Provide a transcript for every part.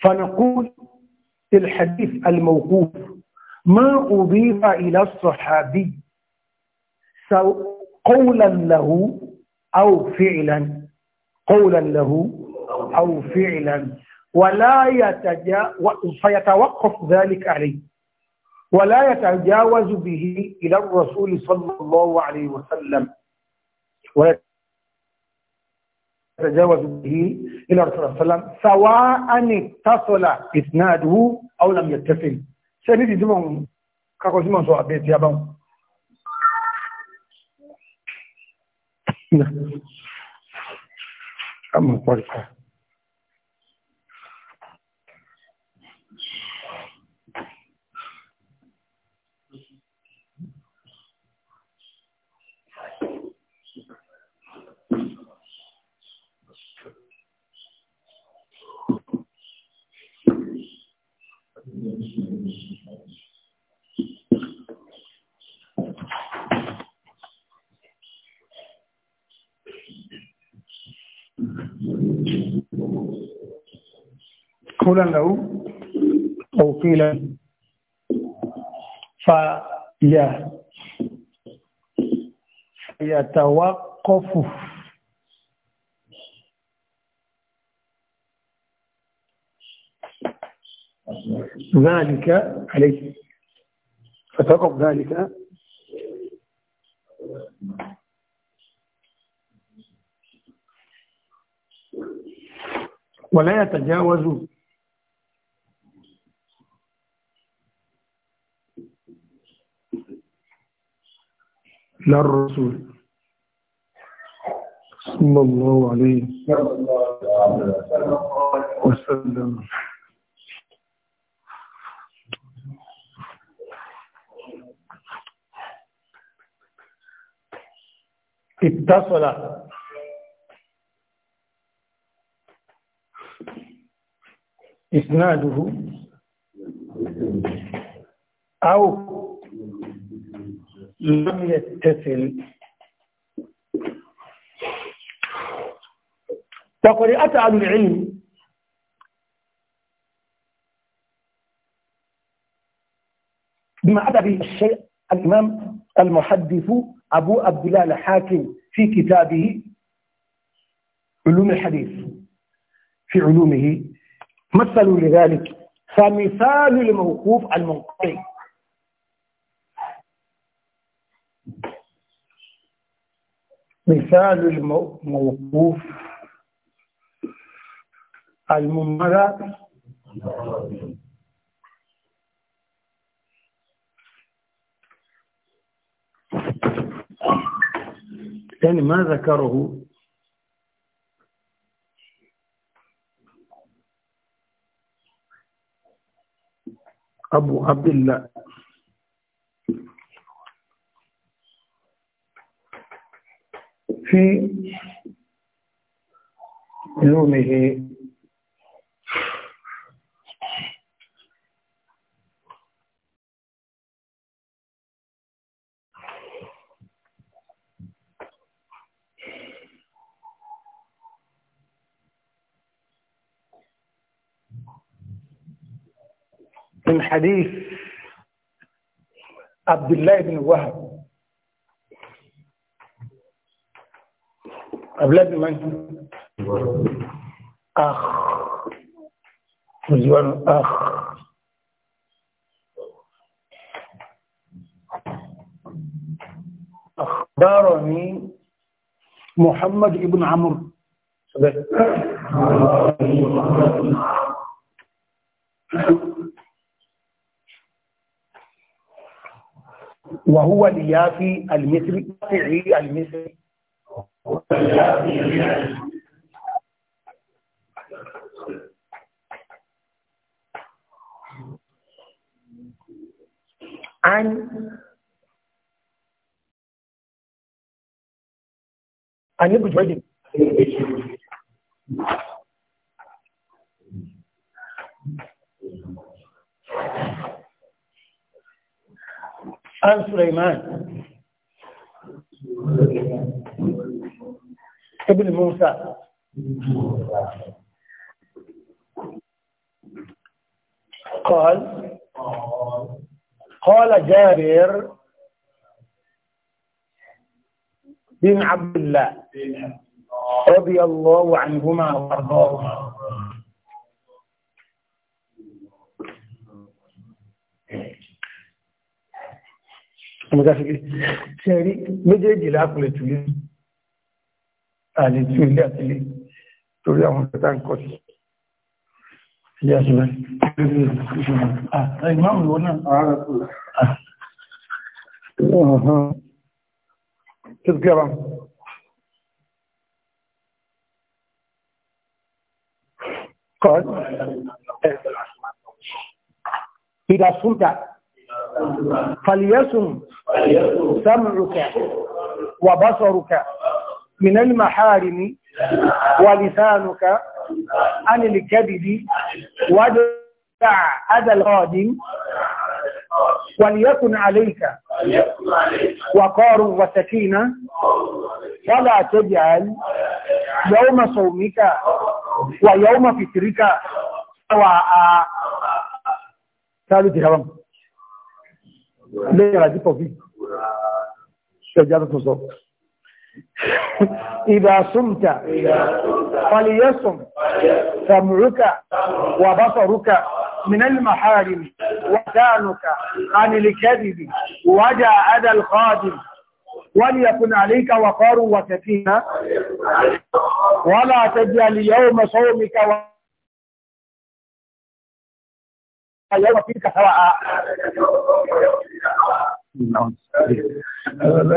فنقول الحديث الموقوف ما أضيف إلى الصحابي قولا له أو فعلا قولا له أو فعلا ولا يتجا فيتوقف ذلك عليه ولا يتجاوز به إلى الرسول صلى الله عليه وسلم تجاوز به إلى رسول الله صلى الله عليه وسلم سواء اتصل إسناده أو لم يتصل سيدي دمون كاكو سيمون سوى بيت يا بون أما قولا له أو قيلا فيتوقف ذلك عليه فتقف ذلك ولا يتجاوز للرسول صلى الله عليه وسلم اتصل إسناده أو لم يتصل فقد أتى أهل العلم بما أتى به الشيء الإمام المحدث أبو عبد الله الحاكم في كتابه علوم الحديث في علومه مثل لذلك فمثال الموقوف المنقطع مثال الموقوف المنقطع الثاني ما ذكره أبو عبد الله في يومه من حديث عبد الله بن وهب عبد الله بن من؟ أخ مزوان أخ أخبرني محمد بن عمرو وهو اليافي المثلي اليافي المثلي عن عن ابن جويد Thank you. عن سليمان ابن موسى قال قال جابر بن عبد الله رضي الله عنهما وارضاهما ọmọdáṣẹ́gbé tí ẹ rí méjèèjì lápùlẹ̀ tùlé àlè tún ilé àtìlé torí àwọn ọ̀pẹta ń kọ́ sí ilé àṣìlẹ̀ قال إذا صلت فليصم سمعك وبصرك من المحارم ولسانك عن الكذب ودع أذى القادم وليكن عليك وقار وسكينة ولا تجعل يوم صومك ويوم فترك سواء ثالث هرم ليه راجب شجرة صوت إذا صمت فليصم سمعك وبصرك من المحارم وكانك عن الكذب وجاء ادى القادم وليكن عليك وقار وسكينة ولا تجعل يوم صومك و... يوم فيك سواء ó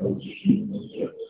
Thank you.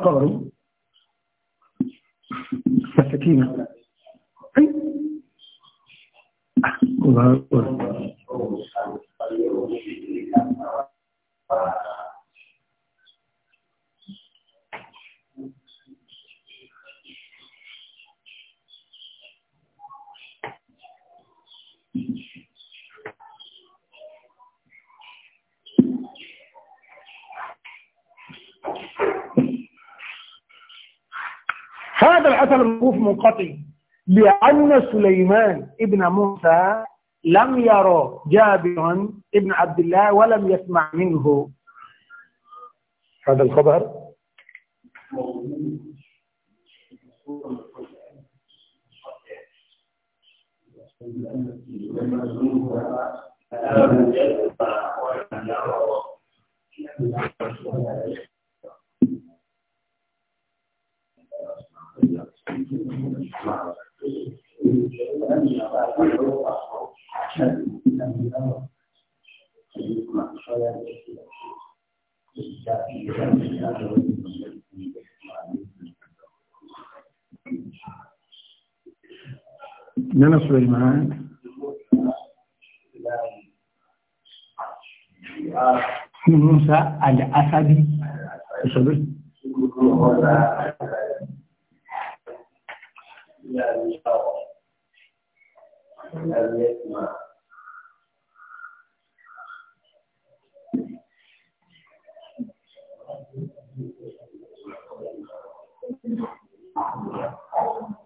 الصبر والسكينة منقطع لأن سليمان ابن موسى لم يرى جابر ابن عبد الله ولم يسمع منه هذا الخبر Thank Nana Süleyman. Musa al-Asabi. Musa al-Asabi. لن يرى لن يسمع Thank you.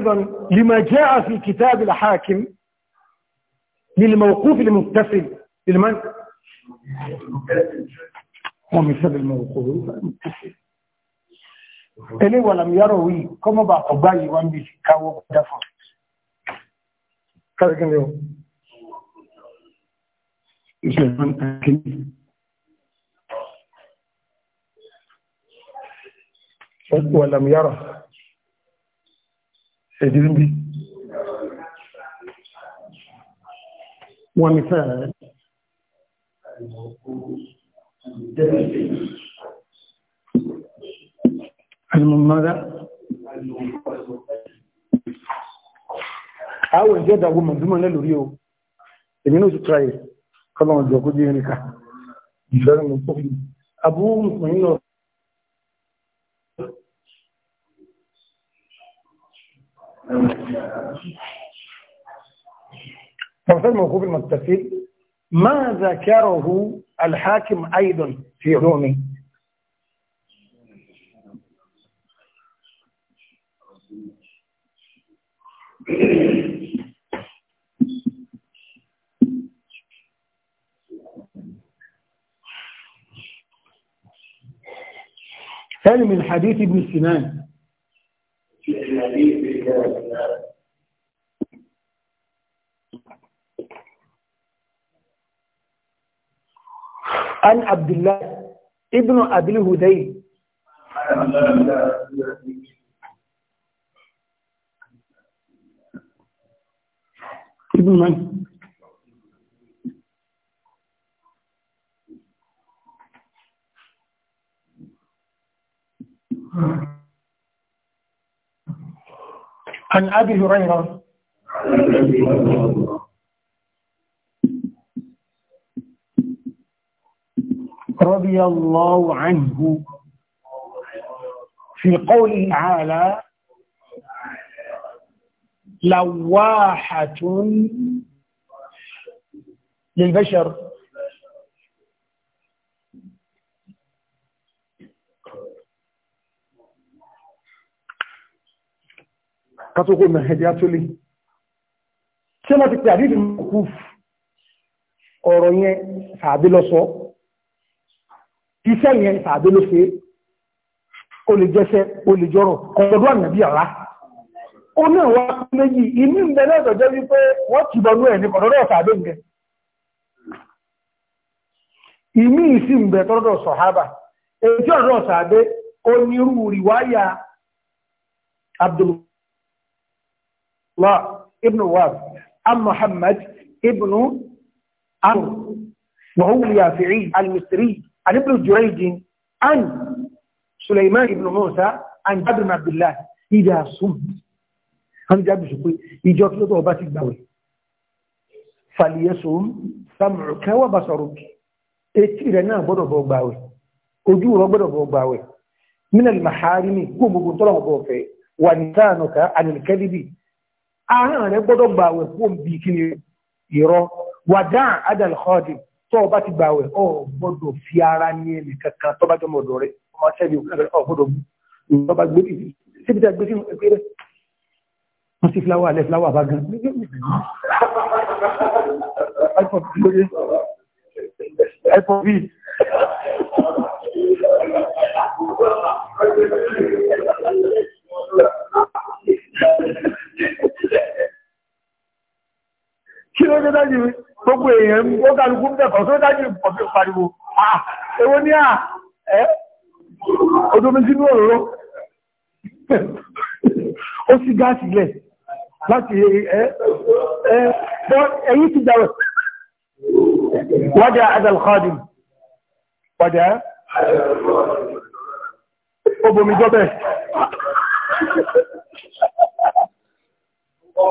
أيضا لما جاء في كتاب الحاكم للموقوف المتصل لمن ومثل الموقوف المتصل إلي ولم يروي كما بقى قبالي وان بيجي كاو دفع كذلك ولم يره ẹ̀dìrí bí wọ́n ni fẹ́rẹ̀ rẹ̀ alìmọ̀mọ́dá àwọn ìjẹ́ ìdàgbò mọ̀dúnmọ̀ lẹ́ lórí o èmi náà ti tráyẹ̀ kọ́lọ̀mọ̀dù ọkọ́ jẹ́ ẹ̀ríkà ìfẹ́rẹ̀ mọ̀ pọ̀ Abu Mu'min náà وفي موقوف المتصل ما ذكره الحاكم أيضا في علومه سلم الحديث ابن سنان في الحديث بالله عن عبد الله ابن أبي الهدي ابن من؟ Hmm. عن أبي هريرة رضي الله عنه في قوله تعالى لواحة للبشر kátókò nàìjíríà tó lè ṣe láti pè àdídì mọ́kú ọ̀rọ̀ yẹn sàábé lọ sọ iṣẹ́ yẹn sàábé ló ṣe ó lè jẹ́ṣẹ́ ó lè jọ́rọ̀ ọ̀dọ́dọ́ ànàbí àrá ó náà wá méjì inú ìbẹ̀rẹ̀ Abdul الله ابن واب عن محمد ابن عمرو وهو اليافعي المصري عن ابن جريج عن سليمان ابن موسى عن جابر بن عبد الله إذا صمت هم جابر شكوي يجوك له توبات الدوي فليصم سمعك وبصرك اتيرنا بدو بوغباوي ojúrọ gbọ́dọ̀ bọ̀ gbàwẹ̀ mínà lè máa rí ní gbogbo tọ́lọ̀ bọ̀ ahọ́n rẹ gbọ́dọ̀ gbà wẹ̀ kó ń bi kí ni ìrọ wàdà adal khadi tó o bá ti gbà wẹ̀ ọ gbọ́dọ̀ fi ara ní ẹnì kankan tó bá jọmọ ọ̀dọ̀ rẹ ọmọ sẹ́bi ọ gbọ́dọ̀ bu tó bá gbé síbi tá a gbé sínú ẹgbẹ́ rẹ wọ́n ti fúláwà alẹ́ fúláwà bá gan. Thank you. kí ló dé dájú gbogbo èèyàn ó kálukú ń tó dájú pariwo Ọmọ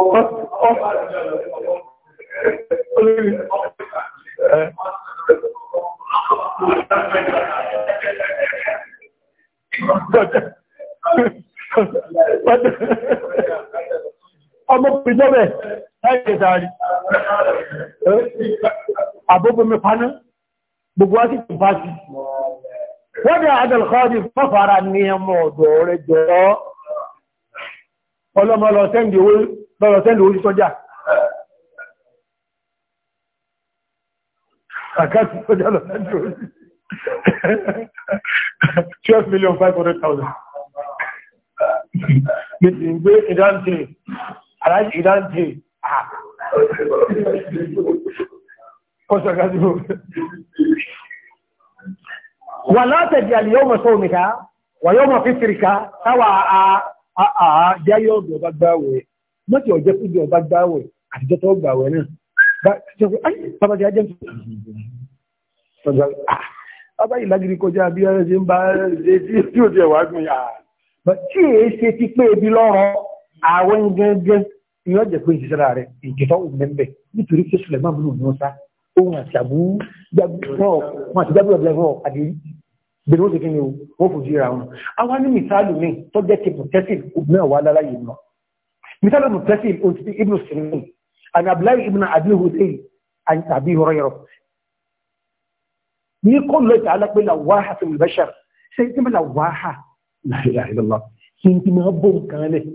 pìjọ́ bẹ̀ láìké sáàrí. Àbúgbò mi paná, gbogbo wá sí kò bá sí. Wọ́n dẹ̀ àdàlùkọ́ di fọ́fàára ní ẹmọ ọ̀dọ̀ rẹ̀ jọ ọlọ́mọlọ sẹ́ndì owó bọ́rọ̀ sẹ́lù orí sọ́jà àkáàtì sọ́jà lọ sẹ́lù orí 12 million 500,000 méjì ń gbé ìdáǹtì aláìsí ìdáǹtì ọ̀sọ̀gájú wà látẹ̀dì àlìyọ́mọ̀ sọ́ọ̀mìká wà yọ́mọ̀ fífìríká táwà àà jẹ́ yóò gbọ́gbàgbà wẹ̀ mọ́tì ọ̀jẹ́ kújọ ọba gbáwẹ̀ àtijọ́ tó gbàwẹ̀ náà bá ṣe pé ayé babajà jẹ́ ọba yìí lágiri kọjá bí ẹ̀rọ ṣe ń bá ṣe tí ó ti ẹ̀wà gbìn yà tí èé ṣe ti pé ebi lọ́rọ̀ àwọn gẹ́gẹ́ ìyọ́n jẹ́ pé ìṣiṣẹ́ rẹ̀ ìjẹ́tọ́ òmẹ́mbẹ̀ nítorí pé sùlẹ̀ máa múlò ní ọ́sá ohun àti àbú wọn àti jábí ọ̀bẹ̀ náà àdé bẹ̀rẹ̀ ó ti kí ni ó fòjú ra wọn. àwa ní mìsáàlù mi tó jẹ́ ti protective òmìnira wà láláyé náà مثال المتصل قلت ابن السنين أنا بلاقي ابن أبي هذيل عن أبي هريرة يقول له يتعلق باللواحة في البشر سيتم اللواحة لا إله إلا الله سيتم هبور كانه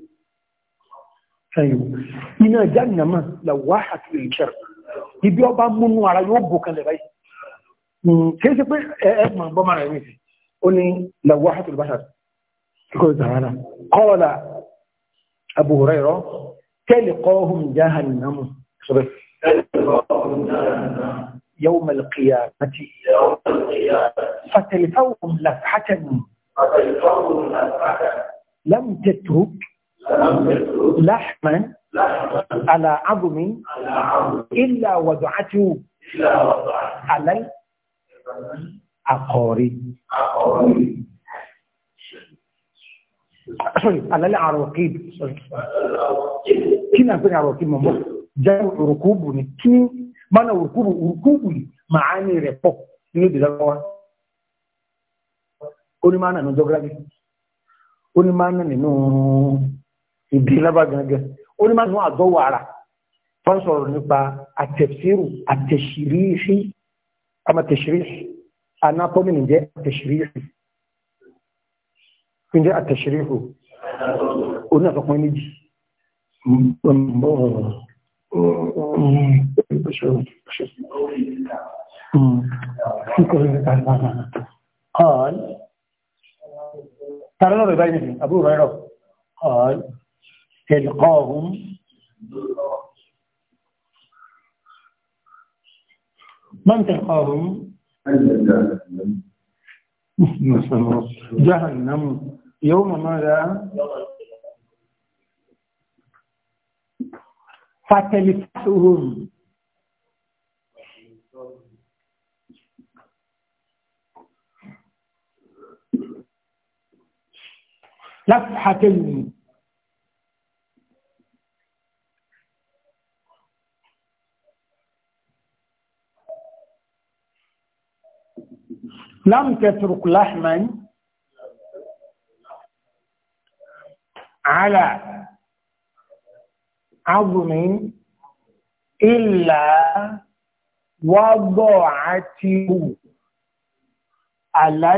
أيوه إن جنة ما لواحة في البشر ibi ọba على يوبك yóò bò kalẹ̀ báyìí kìí ṣe pé لواحة bọ́mọ̀ rẹ̀ wí sí أبو هريرة تلقاهم جهنم صبر يوم القيامة فتلقاهم لفحة لم تترك لحما على عظم إلا وضعته على العقارب alálẹ́ àròkìb kí ni àpẹẹrẹ àròkìb mọ̀ jẹ́ òrùkúbù ni kí mana òrùkúbù òrùkúbù yìí màá ní rẹ̀ pọ̀ nínú ìdílé wa ó ní mana ní jọ́gírafì ó ní mana nínú ìdí lábá gangan ó ní mana nínú àdọ́wọ̀ ara wọ́n sọ̀rọ̀ nípa àtẹ̀síru àtẹ̀síríṣi àmàtẹ̀síríṣi anatomy nìjẹ́ àtẹ̀síríṣi pínjẹ́ àtẹ̀ṣẹ̀ríhù onífọ̀pọ̀ فقمني قال ترى بينهم أبو هريرة قال تلقاهم من تلقاهم جهنم يوم ماذا فتلفتهم لفحة لم تترك لحما على عظم إلا وضعته على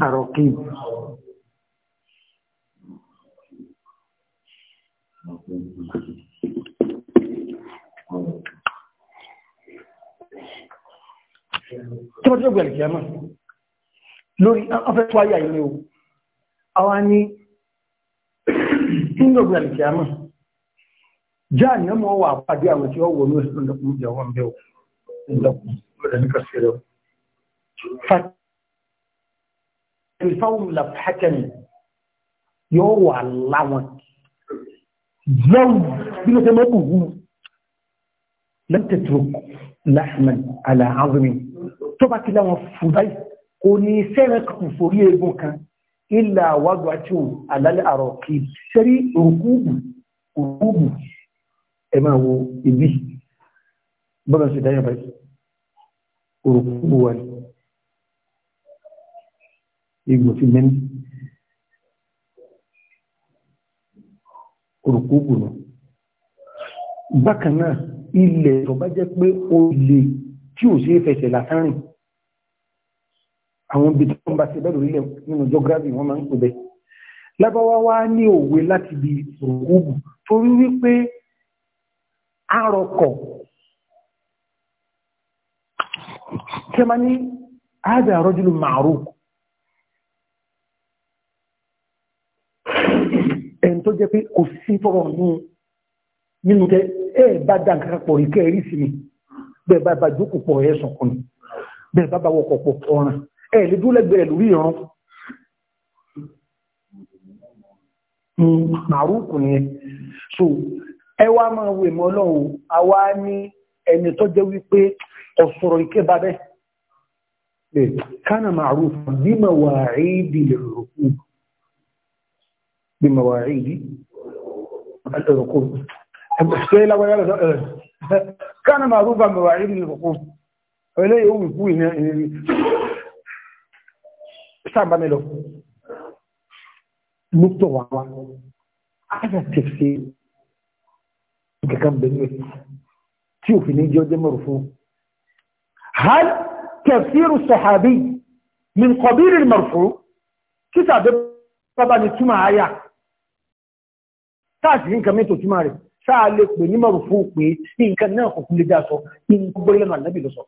الرقيب tí wọ́n tí ó gbẹ̀lẹ̀ kìí ẹ̀mọ́ lórí ọ́fẹ́ tó ayà ilé o àwa ni kíndògbà ìkìyàmọ̀ jáà ní ọmọ wà pàdé àwọn tí ó wọ ní oṣù lọ́dọ̀kùn jẹ́ wọn bẹ́ ò lọ́dọ̀kùn lọ́dọ̀ ní kọsílẹ̀ ìfáwọn làfàkẹ́ni yóò wà láwọn ìlà wàgbàtí àlálẹ́ àrọ̀ kì í sẹ́rí rùkúùbù rùkúùbù ẹ máa wo ibi bọ́lá sí dáyà báyìí rùkúùbù wà ní igbó fi mẹ́ni rùkúùbù ilẹ̀ tó jẹ́ pé o lè tí ò sí fẹsẹ̀ lásán àwọn ibi tó ń bá ṣe bẹ́ẹ̀ lórílẹ̀ nínú geography wọ́n máa ń pè bẹ́ẹ̀ lábáwá wá ní òwe láti bi rúgùbù torí wípé àrọ̀kọ̀ kí ma ní àádà rọ́jùlù màárù ẹn tó jẹ́ pé kò sí tọrọ nínú tẹ ẹ bá dá nǹkan pọ̀ rí kẹ́ẹ̀rí sí mi bẹ́ẹ̀ bá bá jókòó pọ̀ ẹ̀ sọ̀kùnrin bẹ́ẹ̀ bá bá wọkọ̀ pọ̀ ọ̀ràn ẹ̀ lè dúró lẹ́gbẹ̀ẹ́ lórí ìran màrúkù ni so ẹ wá máa wo ìmọ̀ ọlọ́run àwa ní ẹni tó jẹ́ wípé ọ̀sọ̀rọ̀ ìké babẹ́ kánà màrúkù bímọ wà rí ìdílé kánà màrúkù bímọ rí ìdílé rògbò sáàbà mi lọ lóòótọ́ wà wá àyà tẹ̀sí kankan bẹ̀rẹ̀ tí òfin ní jẹ́ ọjọ́ mọ̀rọ̀ fún hal tafsiru sahabi min qabili al-marfu kí sàbẹ̀ bàbá ni túmọ̀ àyà táàsì ní nǹkan mẹ́tò túmọ̀ rẹ̀ sáà lè pè ní mọ̀rọ̀ fún pé nǹkan náà kò kú lè sọ nǹkan gbọ́lẹ́nu ànábì lọ sọ.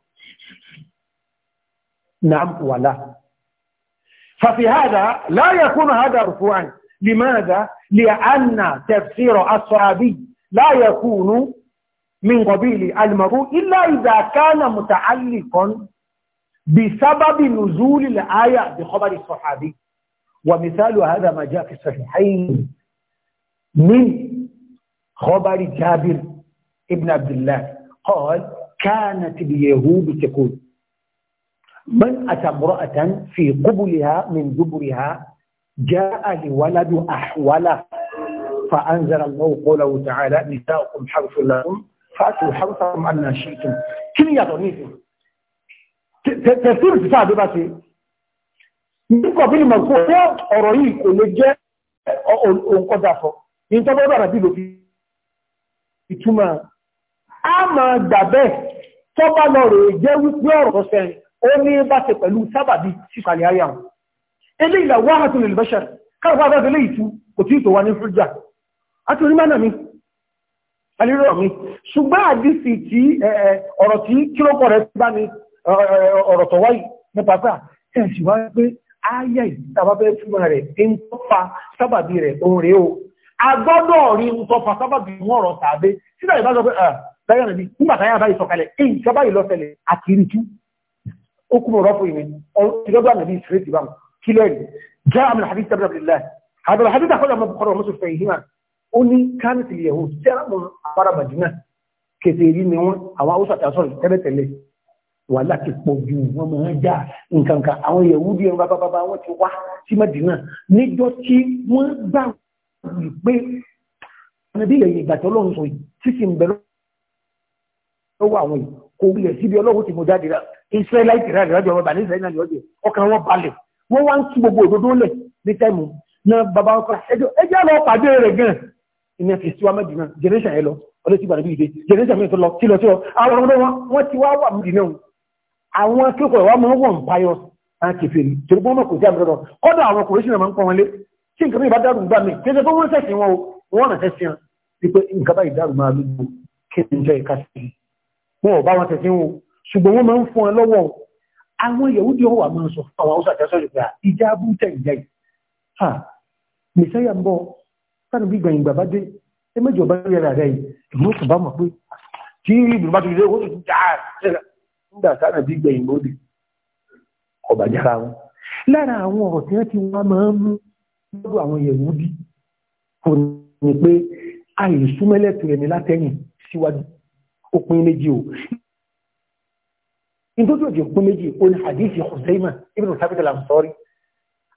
ففي هذا لا يكون هذا رفوعا لماذا؟ لأن تفسير الصحابي لا يكون من قبيل المرو إلا إذا كان متعلقا بسبب نزول الآية بخبر الصحابي ومثال هذا ما جاء في الصحيحين من خبر جابر ابن عبد الله قال كانت اليهود تقول من أتى امرأة في قبلها من دبرها جاء لولد أحوله فأنزل الله قوله تعالى نساؤكم حرث لكم فأتوا حرثكم أن شئتم كم يظنيكم تفسير الكتاب بس nípa bí في kó ṣé ọ̀rọ̀ yìí kò lè jẹ́ òǹkọjà sọ ní tọ́ bọ́ bàrà bí lò fi ìtumọ̀ a máa gbà bẹ́ẹ̀ tọ́ wípé ọ̀rọ̀ sẹ́yìn ó ní bá ṣe pẹ̀lú sábàbí sísàlẹ̀ ayà wọn ilé ìlà wà hàtún lè bẹ́ṣẹ̀ káàkiri bá fẹ́lẹ̀ ìtú kò tí tó wà ní fúrújà àti onímọ̀nà mi alérò mi ṣùgbọ́n àdìsí tí ọ̀rọ̀ tí kílókọ̀ rẹ̀ bá ní ọ̀rọ̀ tó wáyé nípa pé ẹ̀ sì wá pé ayé ìtàbábẹ́ túmọ̀ rẹ̀ ń tọ́pa sábàbí rẹ̀ òun rèé o agbọ́dọ̀ rí ń tọ́pa sábàbí wọn ọ̀rọ̀ báyìí sọ̀kalẹ̀ èyí ká lọ́sẹ̀lẹ̀ àti ìrìtú ó kúrò rọ́pò ìní ọ̀rọ̀ ànàbí ìsìrètì bá kí lẹ́rì jẹ́ àmì àbí tẹ́bí abdullahi àbẹ̀rẹ̀ àbí tàkọ́ ọmọ bukọrọ ọmọ sọfẹ̀ yìí mà ó ní káńtì yẹ̀hó tí a mọ̀ àbára bàjínà kẹsẹ̀ yìí ni wọ́n àwọn haúsá tà sọ̀rọ̀ tẹ́lẹ̀ tẹ́lẹ̀ wà láti pọ̀ ju wọn mọ̀ ń já nǹkan kan àwọn yẹ̀hú bí ẹran bàbá bàbá wọn ti wá sí Mẹ́dínà níjọ́ tí wọ́n gbà pé ànàbí yẹ̀yẹ̀ ìgbà tó lọ́run sọ yìí sísìn bẹ̀rẹ̀ lọ́wọ́ àwọn yìí kò wulẹ̀ síbi ọlọ́run ti mọ jáde rà israelite rẹ̀ lọ́jọ́ ọba ní israelite náà lọ́jọ́ ọkàn wọn balẹ̀ wọ́n wá ń tú gbogbo òdodo lẹ̀ ní tẹ́mù náà bàbá ọkọ̀ ẹjọ́ ẹjọ́ lọ pàdé rẹ̀ gan ìyẹn fi síwá méjì náà generation ẹ lọ ọdún tí ìbàdàn bí ìdè generation mi tó lọ tí lọ tí lọ àwọn ọmọdé wọn wọn ti wá wà mí náà àwọn akẹ́kọ̀ọ́ wa máa ń wọ̀n báyọ̀ àti fèrè torí pé wọn kò sí àmì lọ́dọ̀ kọ́dà àwọn kòrìṣì náà máa ń pọn wọn lé tí nǹkan mi bá dàrú gbà mí kí ẹ pé wọ́n sẹ̀sìn wọn o wọ́n nà sẹ̀sìn wọn wípé nǹkan báyìí dàrú máa lójú kí n jẹ́ ìka sí wọn ò bá wọn sẹ̀sìn wọn ṣùgbọ́n wọ́n máa ń fún ọ lọ́wọ́ àwọn yẹ̀wúdí ọwà máa sọ àwọn haúsá tẹ́sọ́ ìgbà ìjà abúntẹ̀ ìjà yìí ha mẹ́sẹ́yà ń bọ́ sánà bí gbẹ̀yìn bàbá dé ẹ méjì ọba yẹra rẹ̀ yìí ìlú tó bá mọ̀ pé tí ìlú bá tuntun ó tuntun jà nígbà sánà bí gbẹ̀yìn bó dé ọba jára wọn lára àwọn ọ̀rọ̀ tí wọ́n ti wá máa ń mú lọ́dọ̀ àwọn yẹ̀wúdí kò ní pé àìsúmẹ́lẹ̀ tó ẹni انتوا تجيبوا نجي يقول حديث خزيمة ابن ثابت الأنصاري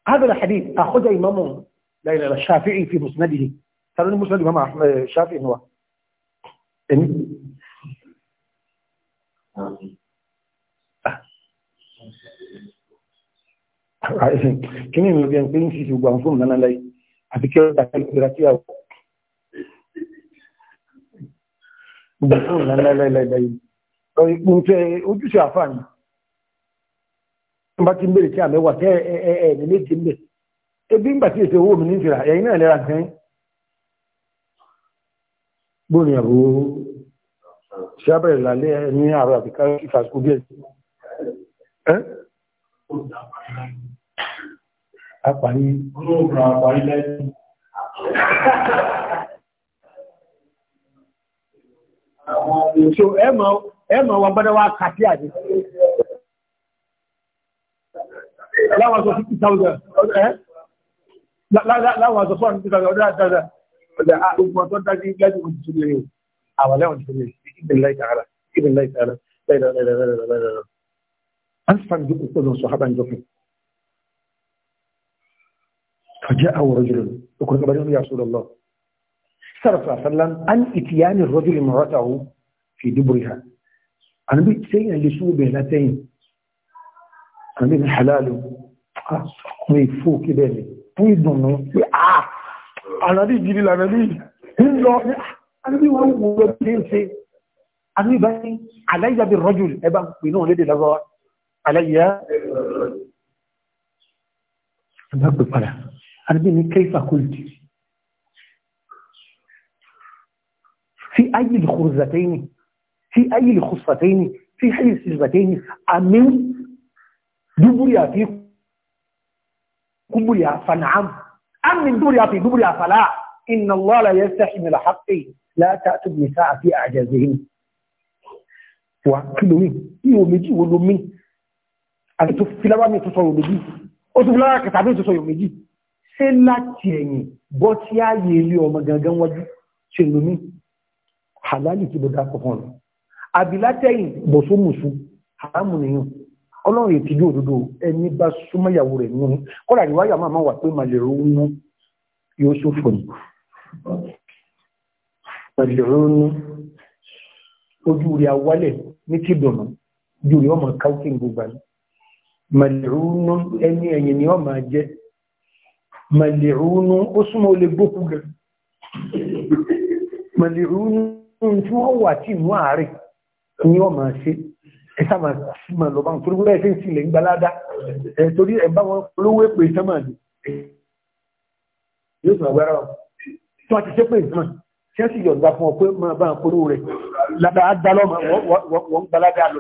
هذا الحديث أخذ إمام لا إله الشافعي في مسنده ترى المسند إمام أحمد الشافعي هو kíní ìlú bí ẹn pé ń fi ṣùgbà fún ìnáná lẹ́yìn àti kí ó dákẹ́ lóra tí àwọ̀ ìgbà fún ìnáná ìpínfẹ́ ojúṣe àfààní bá ti ń bèèrè tí àmẹ́wà tẹ́ ẹ̀ẹ̀ ní méjì ń bẹ̀ ebi ń gbà tí èsè owó mi ní ìfìrà ẹ̀yìn náà lẹ́ra kan gbóni àbò ṣe abẹ́rẹ̀ lálẹ́ ní àrò àbíká ìfàsíkò díẹ̀ ẹ́ àpàrí so ẹ mọ̀ ẹ̀mọ̀ wọn bọ́dọ̀ wá kàtí àdé láwọn sọ 50,000 ẹ́ láwọn sọ 400,000 ọdún àtàrà ọjà ogun ọ̀tọ́ dájú gẹ́gẹ́ ojú tó lè àwàlẹ́ ọ̀tọ́ lè ìbìn láì tààrà ìbìn láì tààrà lẹ́ẹ̀dẹ̀ẹ̀dẹ̀ẹ̀dẹ̀ẹ̀dẹ̀ an sàn jókòó pẹ̀lú sọ̀hábà ń jókòó فجاءه رجل يقول قبلهم يا رسول الله صلى الله عليه وسلم عن اتيان الرجل امرأته في دبرها انا بيت سين اللي شو بهلتين انا بيت حلاله اه مي فو كبيري بوي دونو انا بيت جيلي لانا بيت هن انا بيت وانو بيتين سي انا بيت علي بالرجل ايبا بينو ندي لغا علي انا بيت انا بيت كيف قلت في اي الخرزتين في أي الخصتين في أي السجبتين أمن دبريا في كبريا فنعم أم من دبريا في دبريا فلا إن الله لا يستحي من الحق لا تأتوا النساء في أعجازهم وكل من يومجي ولومي àti tó fi lábá mi tó sọ òmèjì ó tó fi lábá kẹta bí tó láti ẹ̀yìn bọ́ tí á yẹ ilé ọmọ gangan wájú ṣe lómi halali tí bó dákọ̀ fún ọ̀rọ̀ àbílátẹ̀yìn bọ̀sọ́mùsù haramu nìyàn ọlọ́run ètí yóò dodo ẹni bá súnmọ́yàwó rẹ̀ nínú kọ́lá ìwáyà máa máa wà pé màlẹ̀rọ ń yóò ṣòfò ní màlẹ̀rọ ń ojú rẹ̀ awálẹ̀ ní tí dọ̀nà ju rẹ̀ ọmọ káwọ́kì gbogbo àná màlẹ̀rọ ń ẹni ẹ̀yìn ni ọmọ jẹ́ màlẹ̀rọ ń ó súnmọ́ olè gbókù gẹ̀ màlẹ̀rọ ń tí wọ́n wà tí ìmú àárẹ̀ ní ọmọ ṣe ẹsàmà símà lọ bá ń torí wọ́n ẹ̀ṣẹ́ ìsìnlẹ̀ ń gbalada torí ẹ̀bá wọn olówó èpè sẹ́mà ní yóò tún àgbára wọn tí wọ́n ti ṣe pé ìsìnmà tí wọ́n sì yọ̀ǹda fún ọ pé máa bá ń polówó rẹ̀ lábẹ́ adálọ́mà wọ́n gbalada lọ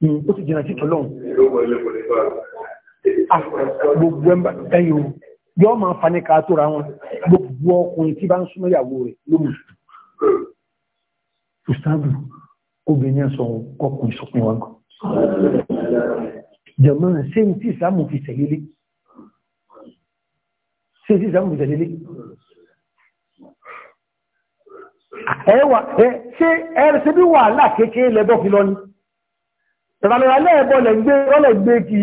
hmm, ó sì jìnà sí tọ́lọ́hún ah, gbogbo ẹ̀yìn yọ́ máa faníkà tó ra wọn gbogbo ọkùnrin tí bá ń súnmọ́ ìyàwó rẹ̀ lómùsùn ìsáàbù obìnrin ẹ̀sọ̀ kọkùn ìsọ̀pin wọn kan jẹ̀mọ́ ṣe ń tí ìsáàmù fi tẹ̀lélé ṣe tí ìsáàmù fi tẹ̀lélé ẹwà ṣe ẹ̀rẹ́sẹ̀ bí wàhálà kékeré lẹ́bọ́ fi lọ ní ìrànlọ́wà lẹ́ẹ̀bọ́ lẹ̀ ń gbé ọlẹ̀ gbé kí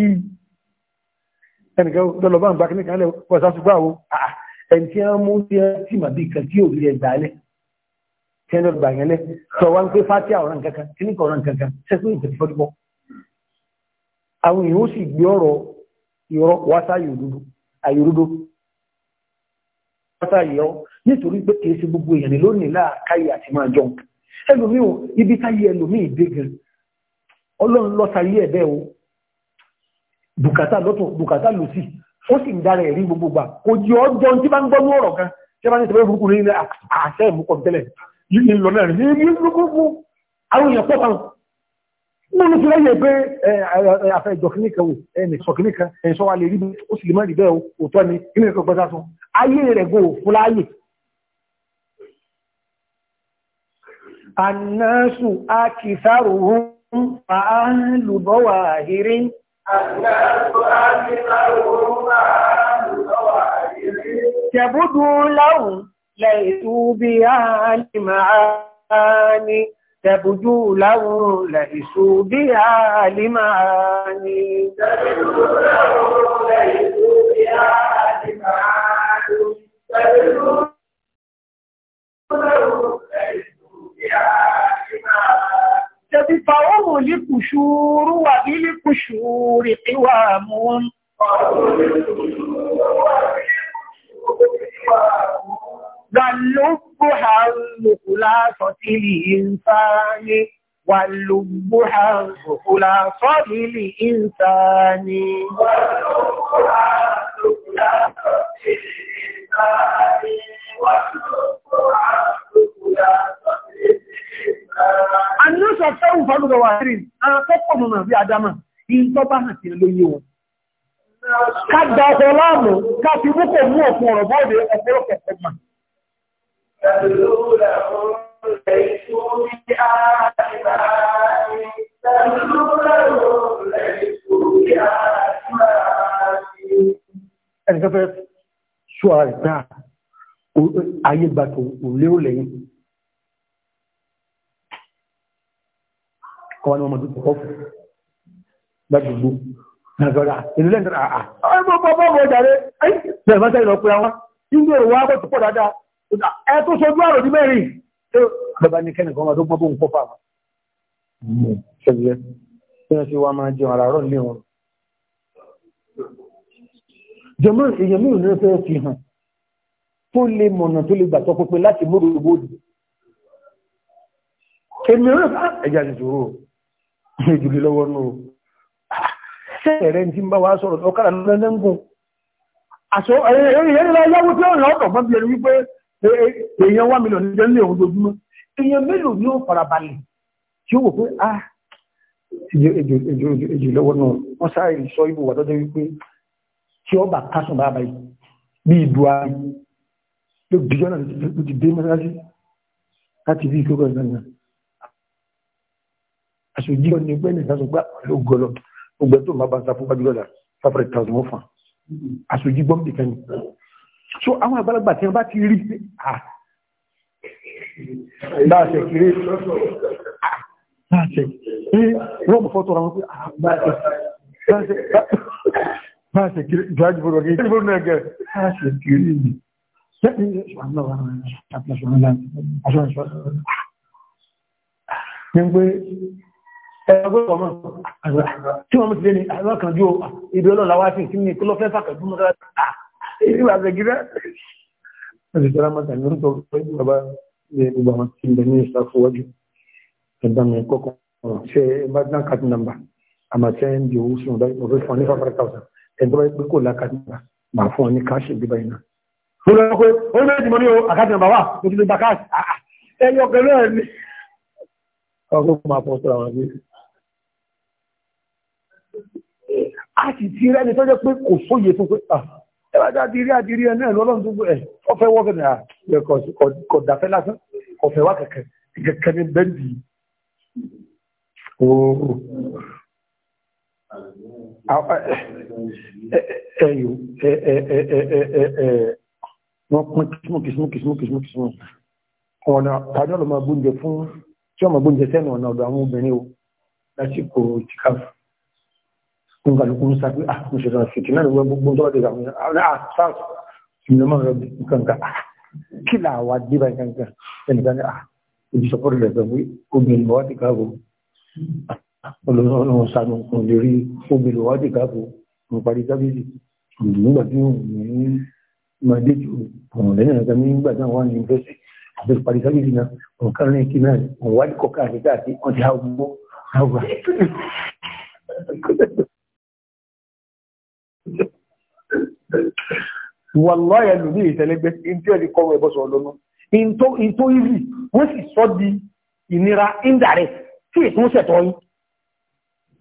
ẹnìkan lọ́lọ́bá ń gbá kí ní kan lẹ́wọ́ pọ̀ sásùgbà wo ẹni tí wọ́n mú sí ẹ tí màbí kan tí ò rí ẹ̀ gbà tẹ́lẹ̀ gbà yẹn lẹ́ sọ wá ń pé fátí àwòrán kankan kíní kan ọ̀rán kankan sẹ́kùn ìtẹ̀síwájú bọ́ àwọn èèyàn ó sì gbé ọ̀rọ̀ ìrọ̀ wáṣá àyòrúdó wáṣá ìyọ́ nítorí pé kìí ṣe gbogbo èèyàn lónìí láàkáyè àti máa jọ ẹlòmíì o ibi táyé ẹlòmíì dé gan ọlọ́run lọ́sàyé ẹ̀ bẹ́ẹ̀ o bùkátà lọ́tọ̀ bùkátà lò sí ó sì ń dára ẹ̀rí gbogbo gbà kò jẹ́ ọjọ́ tí bá ń gbọ́ ní ọ̀rọ̀ kan tí bá ní ìṣẹ̀lẹ̀ burúkú ní ilẹ̀ àṣẹ ìmúkọ̀ tẹ́lẹ̀ yìí lọ náà rí ní gbogbo àwọn èèyàn pọ̀ táwọn wọ́n ló fi láyé pé afẹ́ ìjọ kìíní kan sọ kìíní kan sọ wa lè rí bí ó sì lè má rí bẹ́ẹ̀ òótọ́ ni inú ìkọ̀ gbọ́dá tún ayé rẹ̀ gò fún láyè. Ànásù akìsàrò ń fa lùbọ́wà ń lùbọ́wà àhírí. Tẹ̀búdú láwùn. ليسوا بها لمعاني تبدو له ليسوا بها لمعاني تبدو له ليسوا بها لمعاني تبدو له ليسوا بها لمعاني تدفعه لقشور وبالقشور قوام قوام واللبها خلاصة الإنسان واللبها خلاصة للإنسان واللبها خلاصة للإنسان Àníṣọ́ fẹ́hùn fọ́lúgbọ̀ wà rí àkọ́kọ́ mọ̀mọ̀ bí Adama, ìjọba hàn sí lóyé wọn. Ká gba ọ̀pọ̀ láàmù, ká fi mú kò mú ọ̀pọ̀ ọ̀rọ̀ bọ́ọ̀dẹ̀ ọ̀pọ̀lọpọ̀ تدلونهم ليسوا بآبائهم تدلونهم ليسوا بآبائهم ẹnìkan fẹ́ sọ ara rẹ̀ pé ayé gba tó òlé ò lẹ́yìn kọ́wọ́n ni wọ́n mọ̀ tó kọ́ fún gbàgbogbo nàgọ́dà ìlú lẹ́yìn tó rà á ọmọ bọ́ bọ́ bọ́ jàre ẹ̀ bẹ́ẹ̀ bá sẹ́yìn lọ pé àwọn ìgbèrò wa kò tó pọ̀ dáadáa ẹ tó sojú ọ̀rọ̀ ní mẹ́rin bàbá ní kẹ́nìkan wà tó gbọ́ bó ń kó fà wá ṣẹlẹ̀ tí wọ́n sì wá máa jẹun àràárọ̀ ní ọ̀rọ̀ jẹmọ́ èèyàn mí ò ní fẹ́ fi hàn tó lè mọ̀nà tó lè gbàtọ́ pípẹ́ láti mú gbogbo òdì èmi rẹ̀ ẹ̀jẹ̀ àjẹsòrò ìjùlé lọ́wọ́ nù sẹ́ẹ̀rẹ́ tí ń bá wá sọ̀rọ̀ ọkàrà lọ́lẹ́gùn àṣọ ẹ̀yẹ́ ìyẹ́rìnlá yáwó tí ó ń lọ́tọ̀ mọ́bí ẹni wípé èèyàn wá mílíọ̀nù jẹ́ nílé òun lójúmọ́ èèyàn mélòó ni ó farabalẹ̀ tí ó wò pé a ah, èjò lọ́wọ́ náà wọ́n sáré sọ ibò wà tọ́jọ́ wípé tí ọba kásùn bá báyìí bí ìdù ààrẹ ló dìjọ́ náà ló ti dé mọ́sálásí láti rí ìkókò ìgbàgbà àṣòjì ọ̀nà ẹgbẹ́ ní ìdásùn pé ah, ló gọlọ ọgbẹ́ tó má bá ń sa fún bájú lọ́la five hundred thousand wọ́n fà àṣòjì gbọ́mbì kan ní so àwọn àgbàlagbà tí wọ́n bá ti rí pé à láàṣẹ kiri láàṣẹ kiri wọ́n mú fọ́tọ̀ àwọn pé à láàṣẹ kiri ìdájúbọ̀rọ̀ ní ìdájúbọ̀rọ̀ náà gẹ̀ láàṣẹ kiri ni Ẹgbẹ́ ọmọ tí wọ́n mú ti lé ní àwọn kan jú ìbí ọlọ́lọ́wà sí ìsinmi kí lọ fẹ́ fàkàdúnmọ́ dáadáa èyí wà sí gíga wọ́n ti tẹ́lá mọ́ta ní orúkọ pẹ̀lú bàbá ilé gbogbo àwọn tí ń bẹ ní ìṣàfọwọ́jú ẹ̀dá mi kọ́kọ́ ṣe bá dán kàtí nàmbà àmà ṣe ń di owó sùn dájú mo fẹ́ fún ọ ní five hundred thousand ẹ̀dá wáyé pé kò lá kàtí nàmbà màá fún ọ ní káṣí ìgbébà yìí náà. mo lọ pé ó ní ìdìbò o àkàtì nàmbà wà mo ti lè gba káàsì ẹyọ pẹ̀lú ẹ̀ ní. ọkọ kò máa fọ́ sọ́ra wọn a rẹ́ni tó jẹ́ pé kò sóye fún pé ẹ̀rọ àdìrí àdìrí ẹ̀ náà lọ́lọ́run tó ẹ̀ ọ̀fẹ́ wọ́ọ̀kẹ́ náà kò dàfẹ́ lásán ọ̀fẹ́ wá kẹ̀kẹ́ kẹ̀kẹ́ ní bẹ́ǹdì ooo ẹ̀yọ wọ́n pín kìsímù kìsímù kìsímù kìsímù kìsímù ọ̀nà tàbí ọ̀nà máa gbóúnjẹ fún tí wọ́n máa gbóúnjẹ sẹ́nu ọ̀nà ọ̀dọ̀ àwọn obìnrin o lásìkò tìkàfù kun kalu kun sa ah mo se ran fitina ni wọn gbogbo tọ́wọ́ ti ga fún ah sars ìyẹn máa rẹ kankan ah kí là wá dé báyìí kankan ẹnìkan ní ah ibi sọpọ́tò rẹ̀ pẹ̀lú obìnrin wa ti káàbò ah, olùsọ̀rọ̀ sanu kò lè rí obìnrin wa ti káàbò mo parí sábẹ́sì nígbà tí mo ní máa dé ju ọ̀rọ̀ lẹ́yìn ẹ̀ka mi nígbà náà wà ní yunifásitì àti parí sábẹ́sì náà ọ̀kan rẹ̀ kí náà ọ̀wádìí kọ̀ọ̀kan àti káàkiri ọ̀dà ọgbọ́n àwọn wàlọ́ ẹ̀ lò ní ìtẹ̀lẹ́gbẹ́ tí ó di kọrọ ẹ̀bọ́sọ̀ ọlọ́nà in tó easy wọ́n sì sọ di ìnira indirect tí ètò ń sẹ̀tọ́ yìí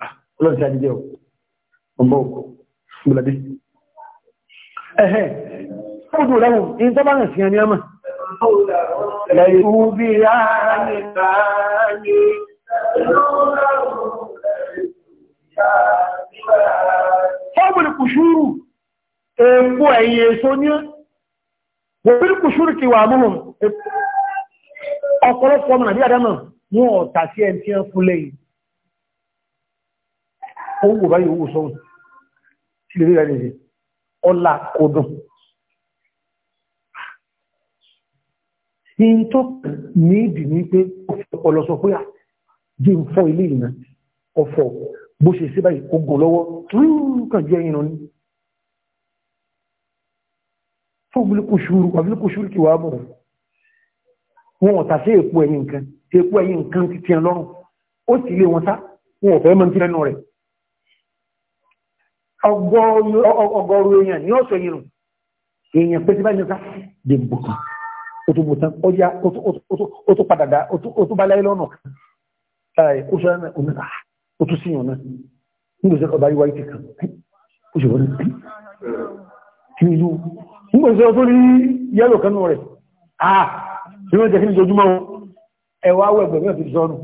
ah, ọlọ́run ti àjíjẹ́ ọmọ ògbòlàdé ẹ̀hẹ́ ọdún lẹ́wọ̀n in epo ẹ̀yìn èso ní wòbílùkù ṣúrùkì wà múhùn ọ̀pọ̀lọpọ̀ ọmọ nàbí àdámà wọ́n ọ̀tà sí ẹ̀ tí wọ́n fún lẹ́yìn owó wò báyìí owó sọ́hùn tí lè rí rẹ̀ nìyí ọlá kò dùn in tó ní ìdì ní pé ọ̀pọ̀lọ sọ pé jẹ́ ń fọ́ ilé ìrìnà ọ̀fọ̀ bó ṣe sí báyìí ogun lọ́wọ́ kàn ní fóbulí kò ṣúrù wàbílí kò ṣúrù kì wá bọ̀ wọn ọ̀tà sí èpo ẹ̀yìn nǹkan tí èpo ẹ̀yìn nǹkan ti tiẹ̀ lọ́rùn ó sì lé wọn sá wọn ò fẹ́ mọ́ ti lẹ́nu rẹ̀ ọgọ́rù èèyàn ní ọ̀sọ̀ yìí rùn èèyàn pé tí bá yẹn sá dé bùkà ó tó bùtán ó yá ó tó padà dá ó tó bá láyé lọ́nà ó sọ ẹ̀mẹ́ òun náà ó tún síyàn náà nígbèsè ọba yìí wáyé ti kàn ó sì wọ́n ní kí ni yóò nígbèsè tó rí yẹ́lò kanú rẹ̀ àà tí wọ́n jẹ́ kí ní jojúmọ́ ẹwà wẹ̀gbẹ̀ mẹ́ fi sọ́nù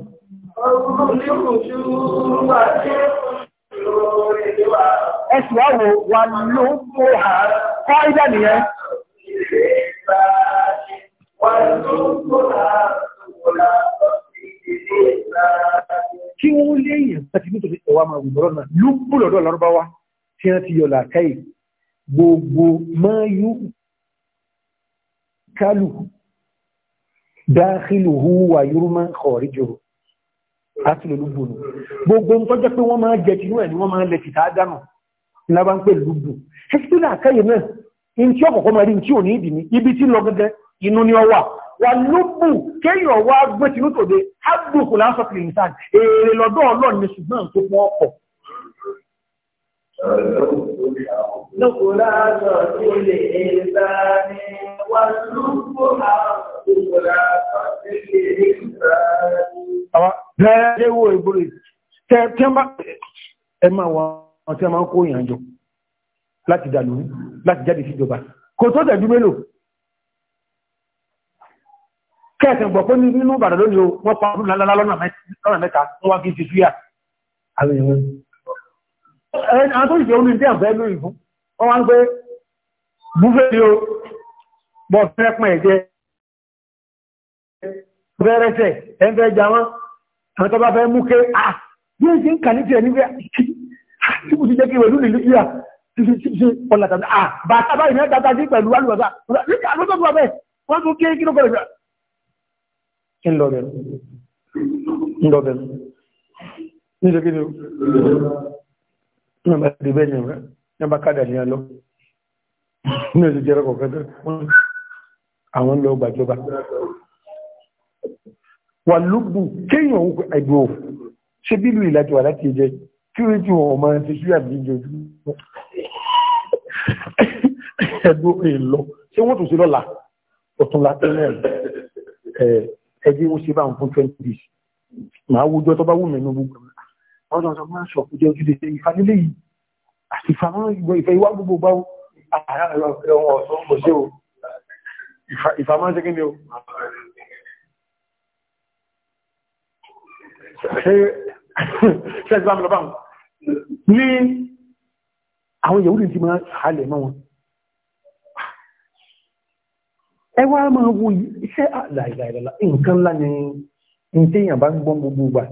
kí wọ́n léèyàn láti nítorí ẹwà máa wùgbọ́rọ̀ náà ló gbúlọ̀dọ̀ lárúbáwá tí wọ́n ti yọ làkáyìí gbogbo mayu kálù dáàkìlù húwà yúrùmá kọ̀ríjòrò láti lè lúgbùnù gbogbo ń tọ́jẹ́ pé wọ́n máa jẹ tinú ẹ̀ ni wọ́n máa lẹ tìta dánù lábá ń pè lúgbù ẹ̀sìtìlá àkáyè náà in tí ọkọ̀kọ́ máa rí tí ò ní ìdì ní ibi tí lọ gẹ́gẹ́ inú ni ọwà wà lúgbù kéèyàn wá gbé tinú tòde ágbòkù lásọ̀kìlì Nukula sọ̀tí lè ta ni wọ́n lùkú àwọn nukula sọ̀tí lè ta ni. Àwọn bẹ́ẹ̀ wo ìgboro tẹ́ tẹ́ bá ẹ máa wọ àwọn tí a máa ń kó ìyànjọ láti dàlú láti jáde síjọba. Kò tó tẹ̀jú mélòó. Kẹ́ẹ̀sìn gbọ̀ pé nínú Ìbàdàn lónìí o, wọ́n pa ọdún lọ́nà mẹ́ta, wọ́n wá kí n ti súyà. Àwọn èèyàn àwọn tó ìṣẹ́ omi tí àfẹ́ lórí fún wọ́n wá ń pé búfẹ́ ni ó bọ́ fẹ́ pẹ̀ jẹ́ fẹ́rẹ́sẹ̀ ẹ̀fẹ́ jamọ́ àwọn tó bá fẹ́ mú ké à bí ó ṣe ń kà ní tiẹ̀ nígbẹ́ tí kò sí jẹ́ kí ìwé lúlì lúlìyà tí ṣe ṣe ọ̀là tàbí à bàtà báyìí ní ẹ̀dá sí pẹ̀lú alùbàtà wọ́n tún ké kí ló kọ̀ọ̀lẹ̀ ńlọbẹ̀rẹ̀ ńlọbẹ̀rẹ̀ nígbà tí bẹ́ẹ̀ yẹn nígbà kádà ní alọ́ ní oṣù jẹ́rọ kọ̀ọ̀kan tó àwọn lọ gbàjọba wà lóògùn kéèyàn òun ẹgbẹ́ òun ṣe bílù ìlàjọ wà láti ẹjẹ kí wọ́n ti wọ̀n máa ti ṣúyà bí ìjọjú ẹgbẹ́ èlọ ṣé wọ́n tún sí lọ́la ọ̀tún la tẹ́lẹ̀ ẹgbẹ́ wọ́n ṣe bá ń fún twenty days màá wùjọ tó bá wù mí nínú gbogbo ọ̀dọ̀ ọ̀sán máa ń sọ̀kù jẹ́ ojúde ṣe ìfanilé yìí àti ìfàmọ́ ìwọ ìfẹ́ ìwá gbogbo bá ó ìfàmọ́ ṣe kí ni ó ṣe ìgbà mi lọ báwọn ní àwọn yahudi ti máa ṣàlẹ̀ mọ́ wọn ẹ wá máa wo iṣẹ́ àlàìlàìlà nǹkan ńlá ni ní tí èèyàn bá ń gbọ́n gbogbo gbà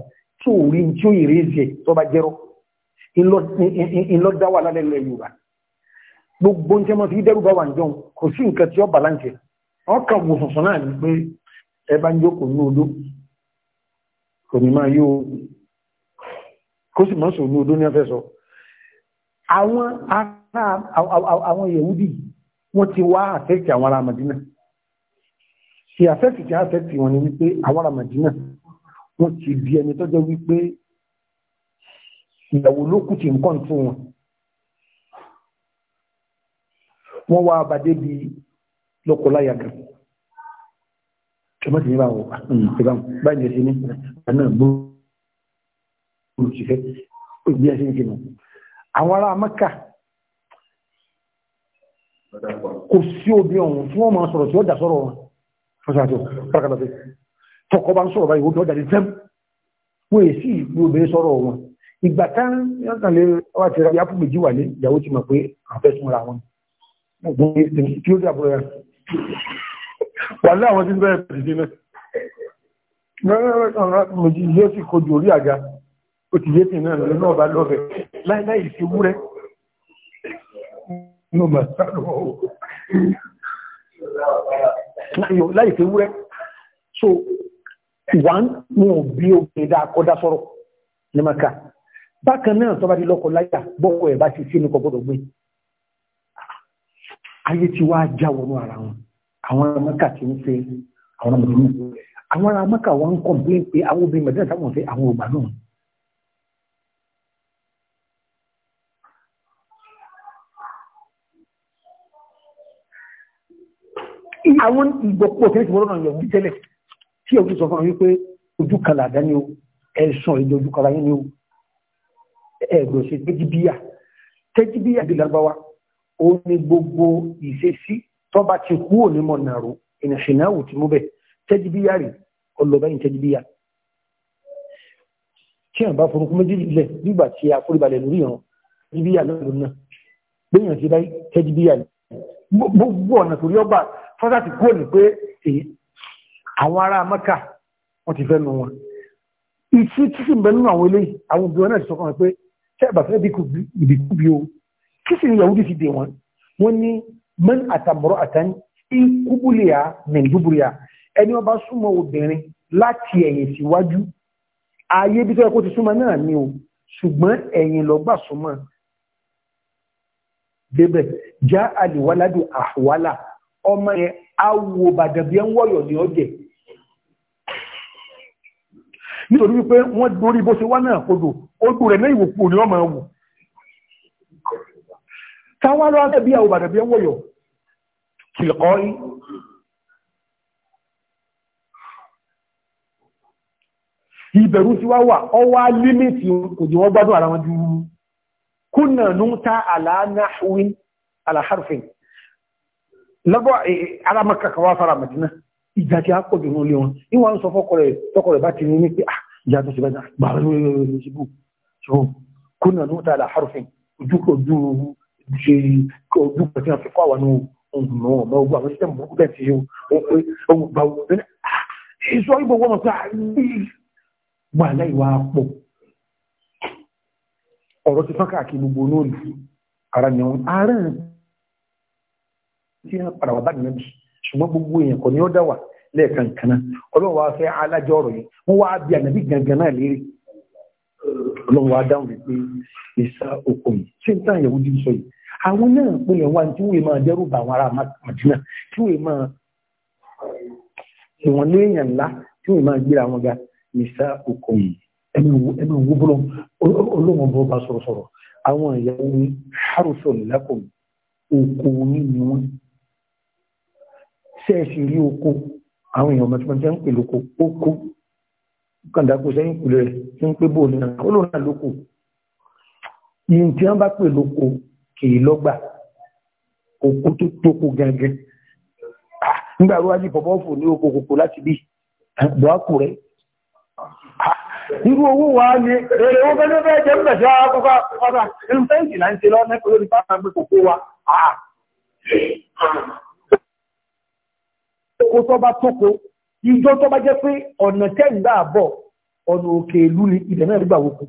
tí ò rí tí ó yèrè ẹ̀zẹ̀ tó bá jẹ́rọ ńlọ́dá wà lálẹ́ ilẹ̀ Yorùbá gbogbo ń tẹ́mọ́ sí dẹ́rù bá wà ń jọun kò sí nǹkan tí ó bàláǹtẹ̀ ọkàn wò sọ̀sọ̀ náà ni pé ẹ bá ń jókòó ní odó kò ní máa yóò kó sì máa sọ ní odó ní afẹ́ sọ àwọn ará àwọn Yẹ̀húdì wọ́n ti wá àfẹ́kì àwọn ará Màdínà ṣe àfẹ́kì tí wọn ni wípé àwọn ará wọ́n ti di ẹni tọ́jọ́ wípé ìyàwó ló kù tí ń kàn fún wọn. wọ́n wá abàdé bí lọ́kọláyà kan tọ́mọ́tì ní bá wọ́n ìbá hmm. báyìí ṣe ní àná gbóòrò ṣiṣẹ́ bí ẹ ṣe ń ṣe àwọn ará Mẹ́kà kò sí obì ọ̀hún tí wọ́n máa sọ̀rọ̀ tí wọ́n dà sọ̀rọ̀ wọn. fọ́sàtò pàkàtà tọkọ bá ń sọ̀rọ̀ báyìí ó dọ́jà ní tẹ́m wọ́n èsì ìgbé obìnrin sọ̀rọ̀ wọn ìgbà tán yọ́nkànlé ọwọ́ àti ìrọ̀lẹ́ apú méjì wà ní ìyàwó ti mọ̀ pé àfẹ́ súnmọ́ra wọn kí ó dà bọ́ ẹ̀ wà ní àwọn tí ń bẹ̀rẹ̀ pẹ̀lú náà mẹ́rẹ̀ẹ́rẹ́ yóò sì kojú orí àga ó ti yé tìǹà lọ náà bá lọ́fẹ̀ láìláì sí wúrẹ́ láì sí wúrẹ́ so wọ́n ní òbí òkè dá akọ́dá sọ̀rọ̀ ní maka bákan náà tọ́ba di lọ́kọ̀ láyà bọ́kọ̀ ẹ̀ bá ti sí ní kọ́gbọ́dọ̀ gbé ayé ti wá já wọnú ara wọn àwọn ará maka ti ń ṣe àwọn ọmọdé mú àwọn ará maka wọn ń kọ̀m̀pléǹ pé àwọn obìnrin mẹ̀dẹ́rẹ́ táwọn ṣe àwọn ògbà náà àwọn ìgbọ̀pọ̀ tẹ́lẹ̀ tí wọ́n lọ́nà yọ̀ wí tẹ́lẹ̀ tí òun sọ fún wípé ojú kalà dání o ẹ̀sùn ìjọ ojú kalà yín ni o ẹ̀gbọ́n ṣe tẹ́jibíyà tẹ́jibíyà di lárúbáwá ó ní gbogbo ìṣesí tọ́ba ti kú òní mọ̀ nàró ìrìnṣìnáwó ti mú bẹ̀ tẹ́jibíyà rè ọlọ́bẹ̀yìn tẹ́jibíyà tí àbá forúkú méjì lẹ̀ nígbà tí a foríbalẹ̀ lórí ìran tẹ́jibíyà lọ́dún náà gbẹ̀yìn sí báyìí tẹ́jibíyà gbogbo ọ̀nà torí ọba fọ́sà ti kú òní pé àwọn ará mẹ́kà wọ́n ti fẹ́ nu wọn ìṣú tí sì ń bẹ nínú àwọn eléyìí àwọn obìnrin náà ti sọ fún wọn pé ṣé ìbàfẹ́ ìdìkú bí o kí sì ni Yahudi ti dè wọn wọn ní mẹ́n àtàmọ́rọ́ àtàn ìkúbúlìyà mẹ́ndúbúlìyà ẹni wọn bá súnmọ́ obìnrin láti ẹ̀yìn síwájú ààyè bí tó ti súnmọ́ náà ni o ṣùgbọ́n ẹ̀yìn lọ́gbà súnmọ́ débẹ̀ já àlèwáládùn àwálà ọmọ yẹn awo bàdàbí ẹ̀ ń wọ̀yọ̀ ní ọ̀jẹ̀ nítorí wípé wọ́n dorí bó ṣe wá náà kodò odò rẹ̀ náà ìwòkú ni wọ́n máa wù táwa lọ rẹ̀ bí àwọn ìbàdàn bí ẹ wọ̀yọ̀ kìlọ̀kọ́ yìí ìbẹ̀rù tí wá wà ọwá límìtì òjò wọ́n gbádùn ara wọn ju kúnnà ní ta àlàánáwín lọ́gbọ́ aramaka eh, fara eh, mẹ́tínà ìjàkí àpọ̀jù wọn lé wọn níwọ̀n sọ fọ́kọ̀ rẹ̀ tọ́kọ̀ rẹ̀ bá ti ní pé ah, ìjà tó ṣe bá gbàrà lórí ìṣubú so kúnà ní tààlà harfin ojú ojú ṣe ojú pẹ̀tí àfi kọ́ àwọn ohun ọmọ ogun àwọn sísẹ̀mù burúkú bẹ́ẹ̀ ti ohun gbà wọn ìṣọ́ ìbò wọn pé ah, wà láì wá pọ̀ ọ̀rọ̀ ti fọ́n káàkiri gbogbo náà lù ara ni wọn ara ti ń padà wà bá nìyẹn bí ṣùgbọ́n gbogbo èèyàn kò ní ó dá wà lẹ́ẹ̀kan kan náà ọlọ́run wá fẹ́ alájọ́ ọ̀rọ̀ yìí wọ́n wá bí ànábì gangan náà lérí ọlọ́run wá dáhùn wípé ìsá okòó yìí ṣé n táyà ojú sọ yìí àwọn náà pé yẹn wá tí wọ́n máa dẹ́rù bá àwọn ará Madina tí wọ́n máa ìwọ̀n léèyàn ńlá tí wọ́n máa gbéra wọn ga ìsá okòó yìí ẹnu wo bọ́lọ́ ọlọ́run bọ́ bá sọ̀rọ̀sọ̀rọ̀ àwọn ìyàwó ni wọ́n àwọn èèyàn mọ̀tí mọ̀tí ń pè lóko ó kó kàndàkó sẹ́yìn kùlẹ̀ rẹ̀ tí ń pé bò ní náà ó lòun náà lóko yìí tí wọ́n bá pè lóko kìí lọ́gbà òkú tó tóko gẹ́gẹ́ nígbà wo wájú bọ̀bọ̀ fò ní oko kòkó láti bí bọ̀ á kù rẹ̀ irú owó wa ni èrè owó bẹ́ẹ̀ bẹ́ẹ̀ jẹ́ mbẹ̀sẹ̀ wa kọ́kọ́ ẹnu fẹ́ǹsì là ń ṣe lórí pápá gbé kòkó wa oko tó bá tóko ìjọ tó bá jẹ́ pé ọ̀nà tẹ́ǹgbà àbọ̀ ọ̀nà òkè ìlú ni ibẹ̀ náà gbà wọ́kù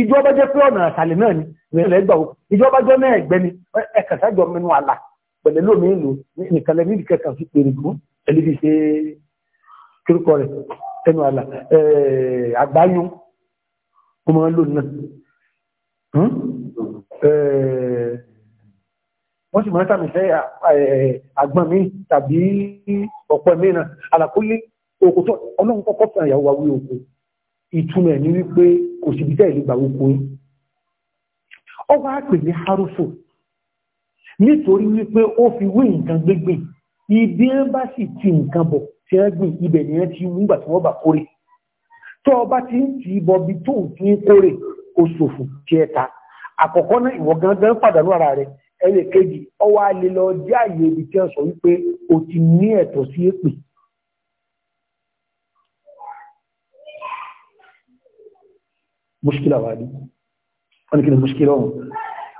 ìjọ bá jẹ́ pé ọ̀nà àṣàlẹ̀ náà ni ibẹ̀ náà gbà wọ́kù ìjọ bá jọ náà ẹ̀gbẹ́ ni ẹ̀kà sájọ mẹnu àlà pẹ̀lẹ́ lómi ìlú nìkan lẹ́ni ìdíkẹ́ kan fi pèrè gùn ẹni fi ṣe kíríkọ rẹ̀ ẹnu àlà àgbáyún ọmọ lónìí náà hm? wọ́n sì máa ń sàmì sẹ́ àgbọn mi tàbí ọ̀pọ̀ mi náà àlàkóyè òkú tó ọlọ́run kọ́kọ́ fún àyàwó wa wí òkú ìtumọ̀ ní wípé kò síbi tẹ́ ìlú gbà òkú yìí pè ní harufu nítorí wípé ó fi wé nǹkan gbégbìn ibi ń ti nǹkan bọ̀ tí gbìn ibẹ̀ ni tí wọ́n bá kórè tó ọba ti ti tó ń ti kórè ẹnì kejì ọwọ́ alẹ lọ dé àyè ibi tí wọ́n sọ wípé o ti ní ẹ̀tọ́ sí èpè. muskila wa ni wọ́n ní kí ni muskila ọ̀hún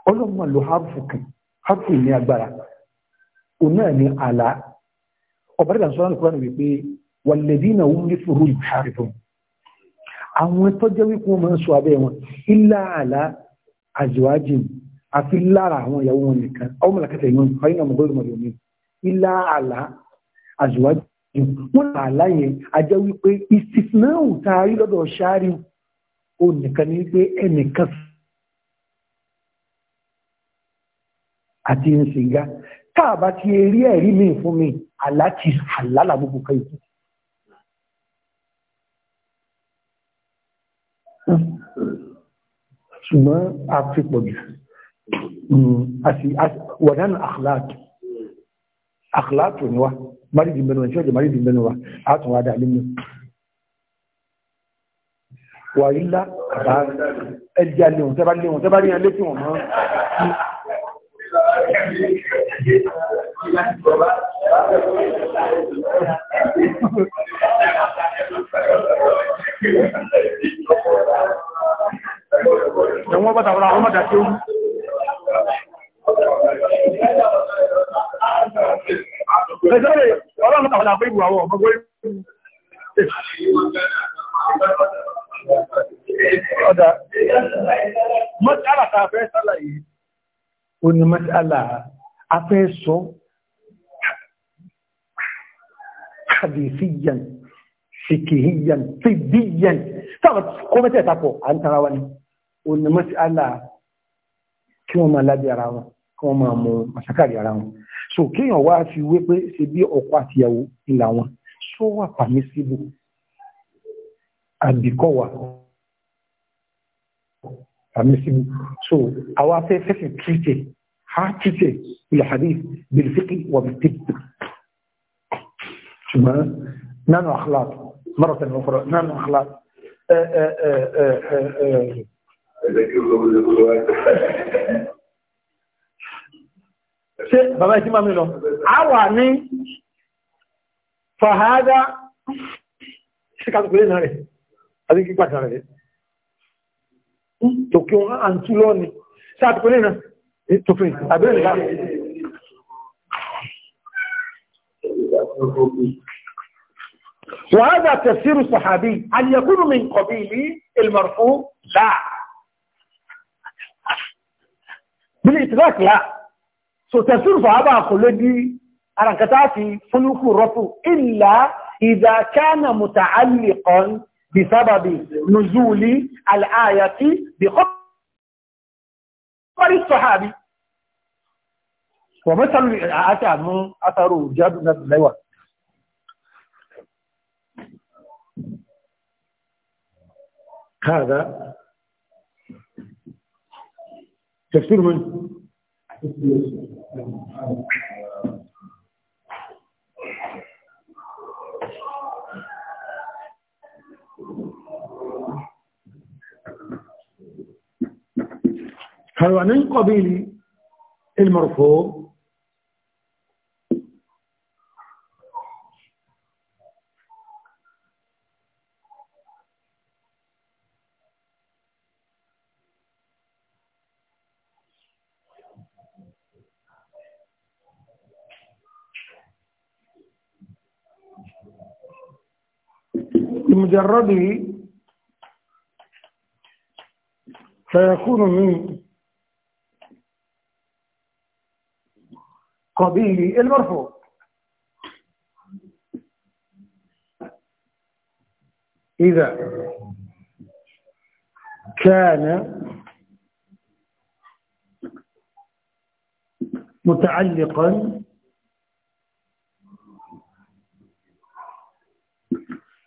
ọlọ́run máa lo harfu kan harfu ní agbára òun ní àlá ọ̀bá dàgbà sọ́ra nìkan wípé walladhina hum ní fúru yuharibun àwọn tó wípé wọ́n máa ń sọ abẹ́ wọn illa àlá azwajin àti lára àwọn ìyàwó wọn nìkan àwọn mọ̀lákẹ́tà ìwọ̀n fàyínà mọ̀gọ́rù mọ̀lẹ́ omi ilá àlá àjùwájú wọn là àlá yẹn ajẹ́ wípé ìsìsìnáwù tá a rí lọ́dọ̀ ṣáárì ó nìkan ní wípé ẹnìkan àti nsìgá tá a bá ti rí ẹ̀rí mi fún mi àlá ti àlá làgbogbo kan ṣùgbọ́n a fi pọ̀ jù wadan akhlaq akhlaq ni wa mari di benu shoje mari di benu wa atun wa da limu wa illa ba eja le won te ba le won te ba ri an lekin won mo Ẹ̀wọ̀n bọ́ta wọ́n àwọn ọmọdé Ẹ̀sọ́rẹ̀ ọlọ́run àwọn àpé ìwà àwọn ọmọ Ọ̀dá, mọ́sálà ta fẹ́ sálàyé, ó ní mọ́sálà afẹ́ sọ hadisiyan, fikihiyan, fidiyan, sáwọn kó mẹ́tẹ̀ẹ́ta pọ̀, à ń tara wa ni, ó ní mọ́sálà kí wọ́n máa lábẹ́ ara wọn kí wọ́n máa mọ àṣàkàrí ara wọn so kéèyàn wá fi wé pé ṣe bí ọkọ àtìyàwó ìlà wọn ṣó wà pàmísíbù àbíkọ́ wà pàmísíbù so àwa fẹ́ fẹ́sẹ̀ tìrìtẹ̀ ha tìrìtẹ̀ ilẹ̀ hadith bilifiki wà bí tìrìtẹ̀ ṣùgbọ́n nánú akhlaq mọ́rọ̀tẹ̀ ní ọkọ̀rọ̀ nánú akhlaq ẹ ẹ ẹ ẹ ẹ ẹ ṣe bàbá ìsí máa mi lọ a wà ní fàhádá síkàtùkúlé náà rẹ̀ àti kíkàtà rẹ̀ tòkí wọn à ń tú lọ ni síkàtùkúlé náà tòfin àbẹ́rẹ̀ nígbà وهذا تفسير الصحابي هل يكون من قبيل المرفوع لا بالإطلاق لا so tafsir bá kò lè di ara nǹkan tá fi fúnukù rọ́pù illa idha kana muta'alliqan bi sababi nuzuli al-ayati bi khabari sahabi wa masalu àti àmú àtàrò jadu na lẹ́wà هذا تفسير من هل من قبيل المرفوض بمجرده فيكون من قبيل المرفوع إذا كان متعلقا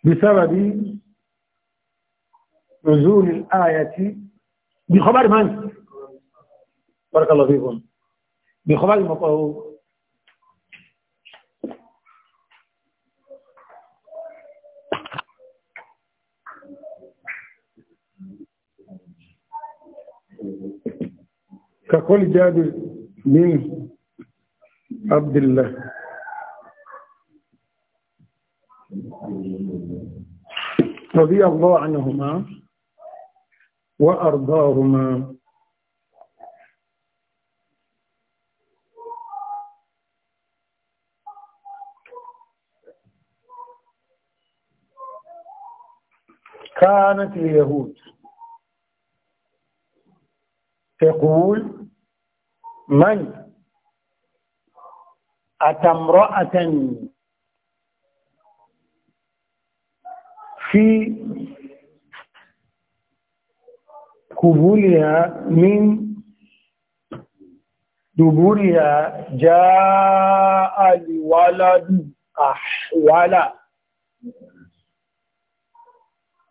بسبب نزول الآية بخبر من؟ بارك الله فيكم بخبر المطهور كقول جابر بن عبد الله رضي الله عنهما وأرضاهما كانت اليهود تقول من أتى امرأة في قبولها من دبورها جاء الولد أحوالا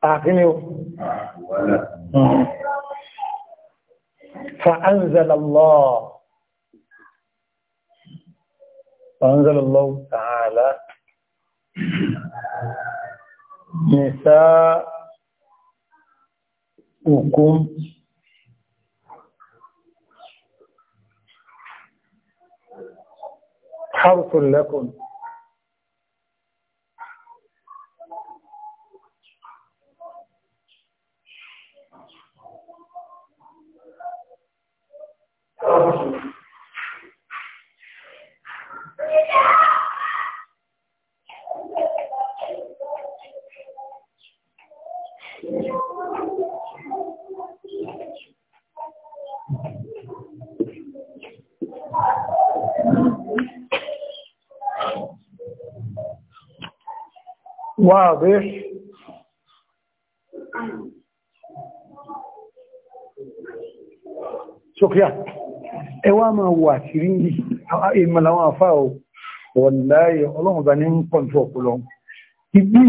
أغنوا فأنزل الله فأنزل الله تعالى nisa'ukum harfun lakum واضح سفيان ẹwà máa wò àṣírí ìmọ̀ làwọn àfá ò wọ̀láyé ọlọ́run bá ní ń pọ̀ntú ọ̀pọ̀lọ ibi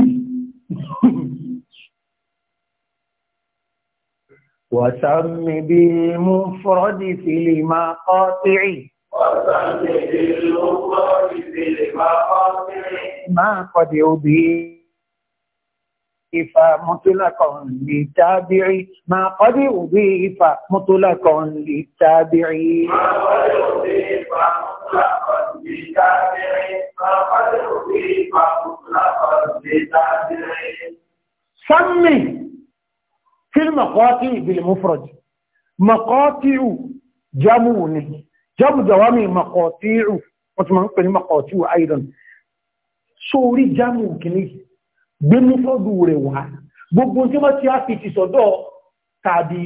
wàtàmì bí mú fọ́rọ́dì fìlì máa kọ́ tìrì wàtàmì bí mú fọ́rọ́dì fìlì máa kọ́ tìrì máa kọ́ إفا مطلقا للتابع ما قد أضيف مطلقا للتابع ما سمي في المقاطع بالمفرد مقاطع جموني جم جوامع مقاطع وتمنقل مقاطع أيضا سوري جمو كنيه gbé mú sọ́dù rẹ̀ wá gbogbo tí wọ́n ti á fi ti sọ́dọ̀ tàbí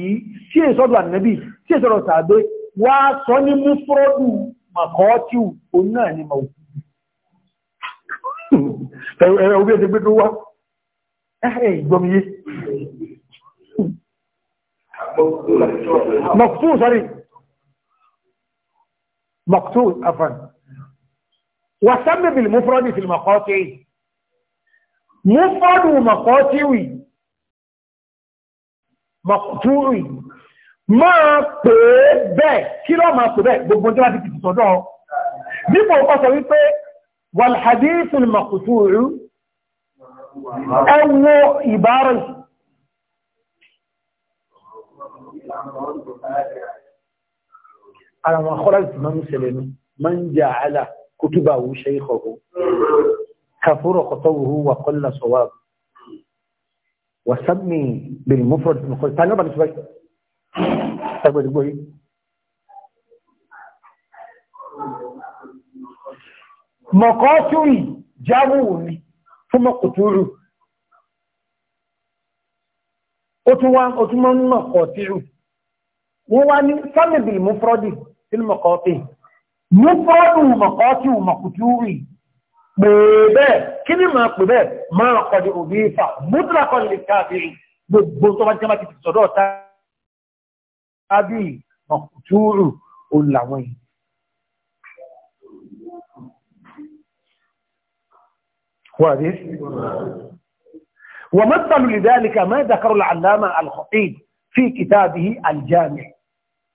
tí è sọ́dọ̀ ànábì tí è sọ́dọ̀ tàbí wá sọ ní mú fọ́dù màkọ́tíù òun náà ni màá ẹ̀rọ ẹ ti gbé tó wá ẹ̀ẹ́ ìgbọmiyé mọ̀kútù sọ́rí mọ̀kútù afan wàsánbẹ̀bìlì mú fọ́dù ìfìlì màkọ́tíù mufradu mọ̀kọ́tíwì mọ̀kọ́tíwì máa pè é bẹ́ẹ̀ kí lọ máa pè bẹ́ẹ̀ gbogbo jẹ́ láti pìtì sọ́dọ̀ dípò ọkọ̀ sọ wípé walhadithul mọ̀kọ́tíwì ẹwọ ìbára àwọn akọ́lá ìtìmọ̀ ń ṣẹlẹ̀ ní máa ń jẹ́ àálà kútúbà wú ṣe ìkọ̀kọ́ كفر خطوه وقل صواب وسمي بالمفرد من قول تعالى بقى شويه تقول تقول مقاتل جاوني ثم قتلوا أتوان أتوان مقاتل وواني سمي بالمفرد في المقاتل مفرد مقاتل مقتول pè bẹ́ẹ̀ kí ni máa pè bẹ́ẹ̀ máa kọjú òbí fà múdúrà kan lè káàkiri gbogbo tó bá jẹ́ máa ti fi sọ̀dọ̀ ta tábì ọ̀kùtúrù òun làwọn yìí. واضح ومثل لذلك ما ذكر العلامة الخطيب في كتابه الجامع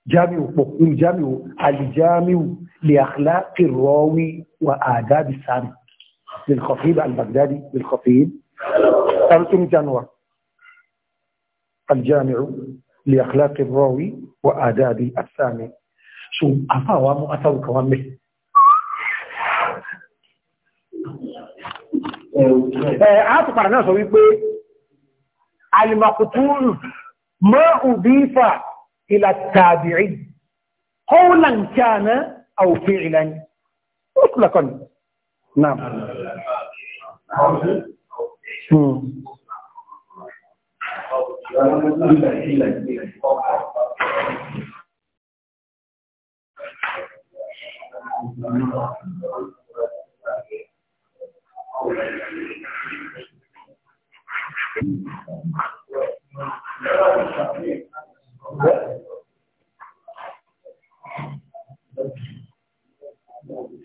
جامع الجامع الجامع لأخلاق الراوي وآداب السامع للخطيب البغدادي للخطيب جنوة الجامع لاخلاق الراوي واداب السامع شو أفا افاوى مؤثر كوامل اه، عاطف قرنا يقول المقتول ما اضيف الى التابعين قولا كان او فعلا مطلقا Naam. Hmm. Thank you.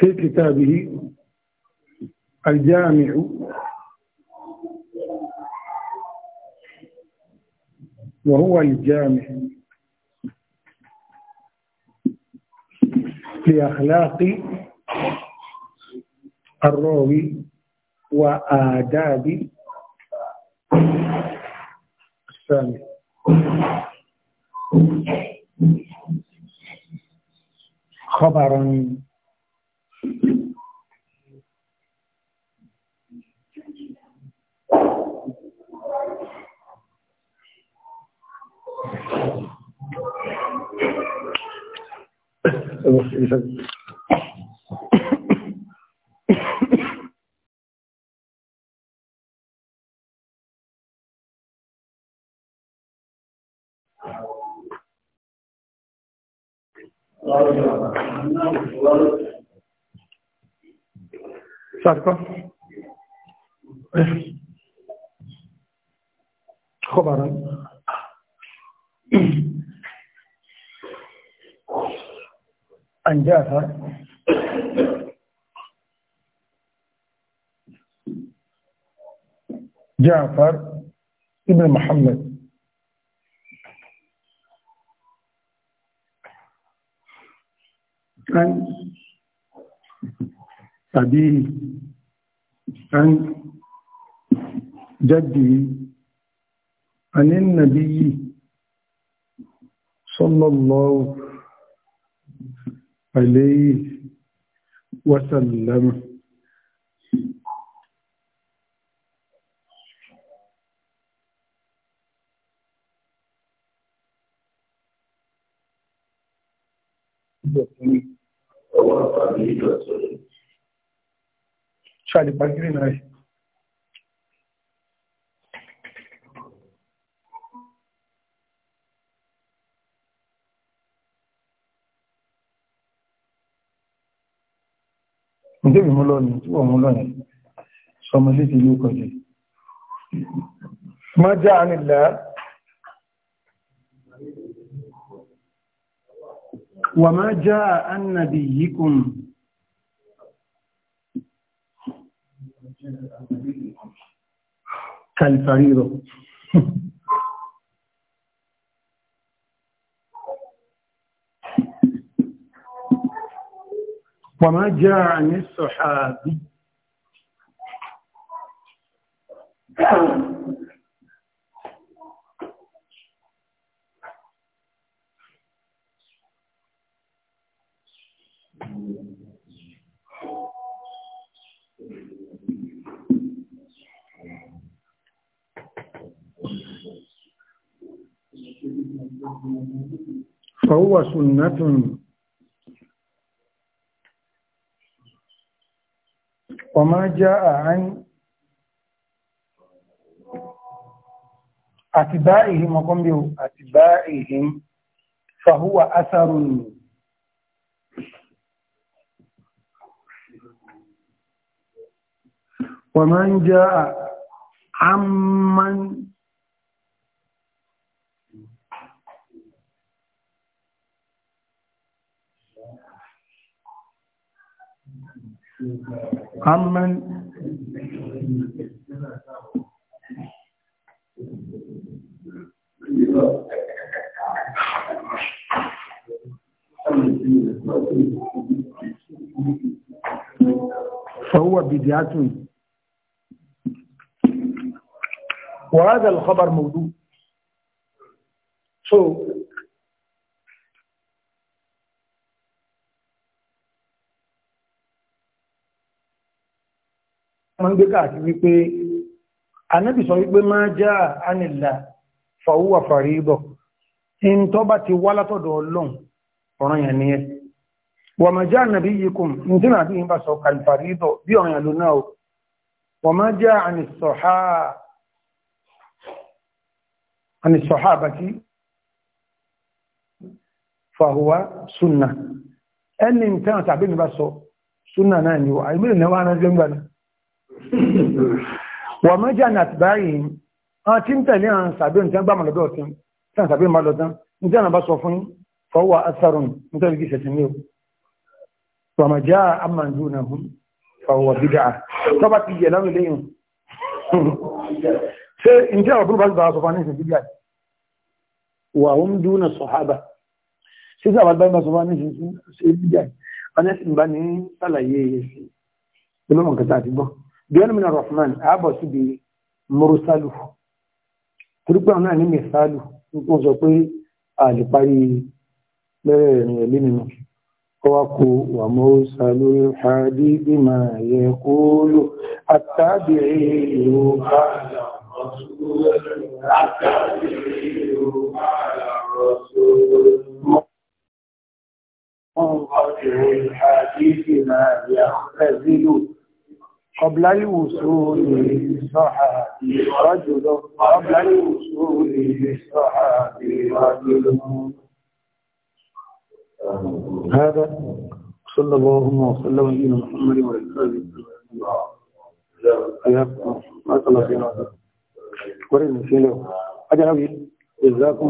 في كتابه الجامع وهو الجامع لأخلاق الروي وآداب السامع خبرا ìṣẹ́jú. Sarko? Khobaran. Eh. جعفر جعفر ابن محمد عن أبيه عن جده عن النبي صلى الله عليه وسلم شادي باقي ناي ìdébì mú lọ́nà tí wọ́n mú lọ́nà sọmọ létí ìlú kọjẹ̀ má وما جاء عن الصحابي فهو سنة وما جاء عن أتباعهم وقم أتباعهم فهو أثر ومن جاء عمن عمن فهو بدعته وهذا الخبر موجود so wọ́n ń gbé káàkiri wípé anábì sọ wípé máa já anìlà fàwúwà fàríbọ̀ in tó bá ti wá látọ̀dọ̀ ọlọ́run ọ̀ràn yẹn nìyẹn wà máa já ànàbí yìí kùn ní tí nàbí yìí bá sọ kàlìfàríbọ̀ bí ọ̀ràn yẹn ló náà wà máa já ànìsọ̀hábàtí fàhùwà súnà ẹni tí tàbí mi bá sọ súnà náà ni wà àìmílẹ̀ wọ́n mọ́ jà náà báyìí wọ́n ti ń tẹ̀lé àwọn sàbí ohun tí wọ́n gbà mọ̀ lọ́dọ̀ ọ̀tún tí wọ́n sàbí máa lọ́dán ní tí wọ́n bá sọ fún fọwọ́ asarun nítorí kí ìṣẹ̀sìn ní wọ́n mọ̀ já amandu fún anísìn bídà bíọ́nù mìíràn rahman ààbọ̀ síbi mọ́rúsálù torípé náà ní mẹ́sàálù wọ́n sọ pé a lè parí lẹ́rẹ̀ ìrìn ẹ̀lé nínú ọwá kó wà mọ́rúsálù hadi bima yaqulu attabi'u منقطع الحديث ما يختزل قبل الوصول للصحابي رجل قبل الوصول للصحابي رجل هذا صلى الله وسلم على محمد وعلى اله وصحبه ما صلى الله عليه وسلم ورد في جزاكم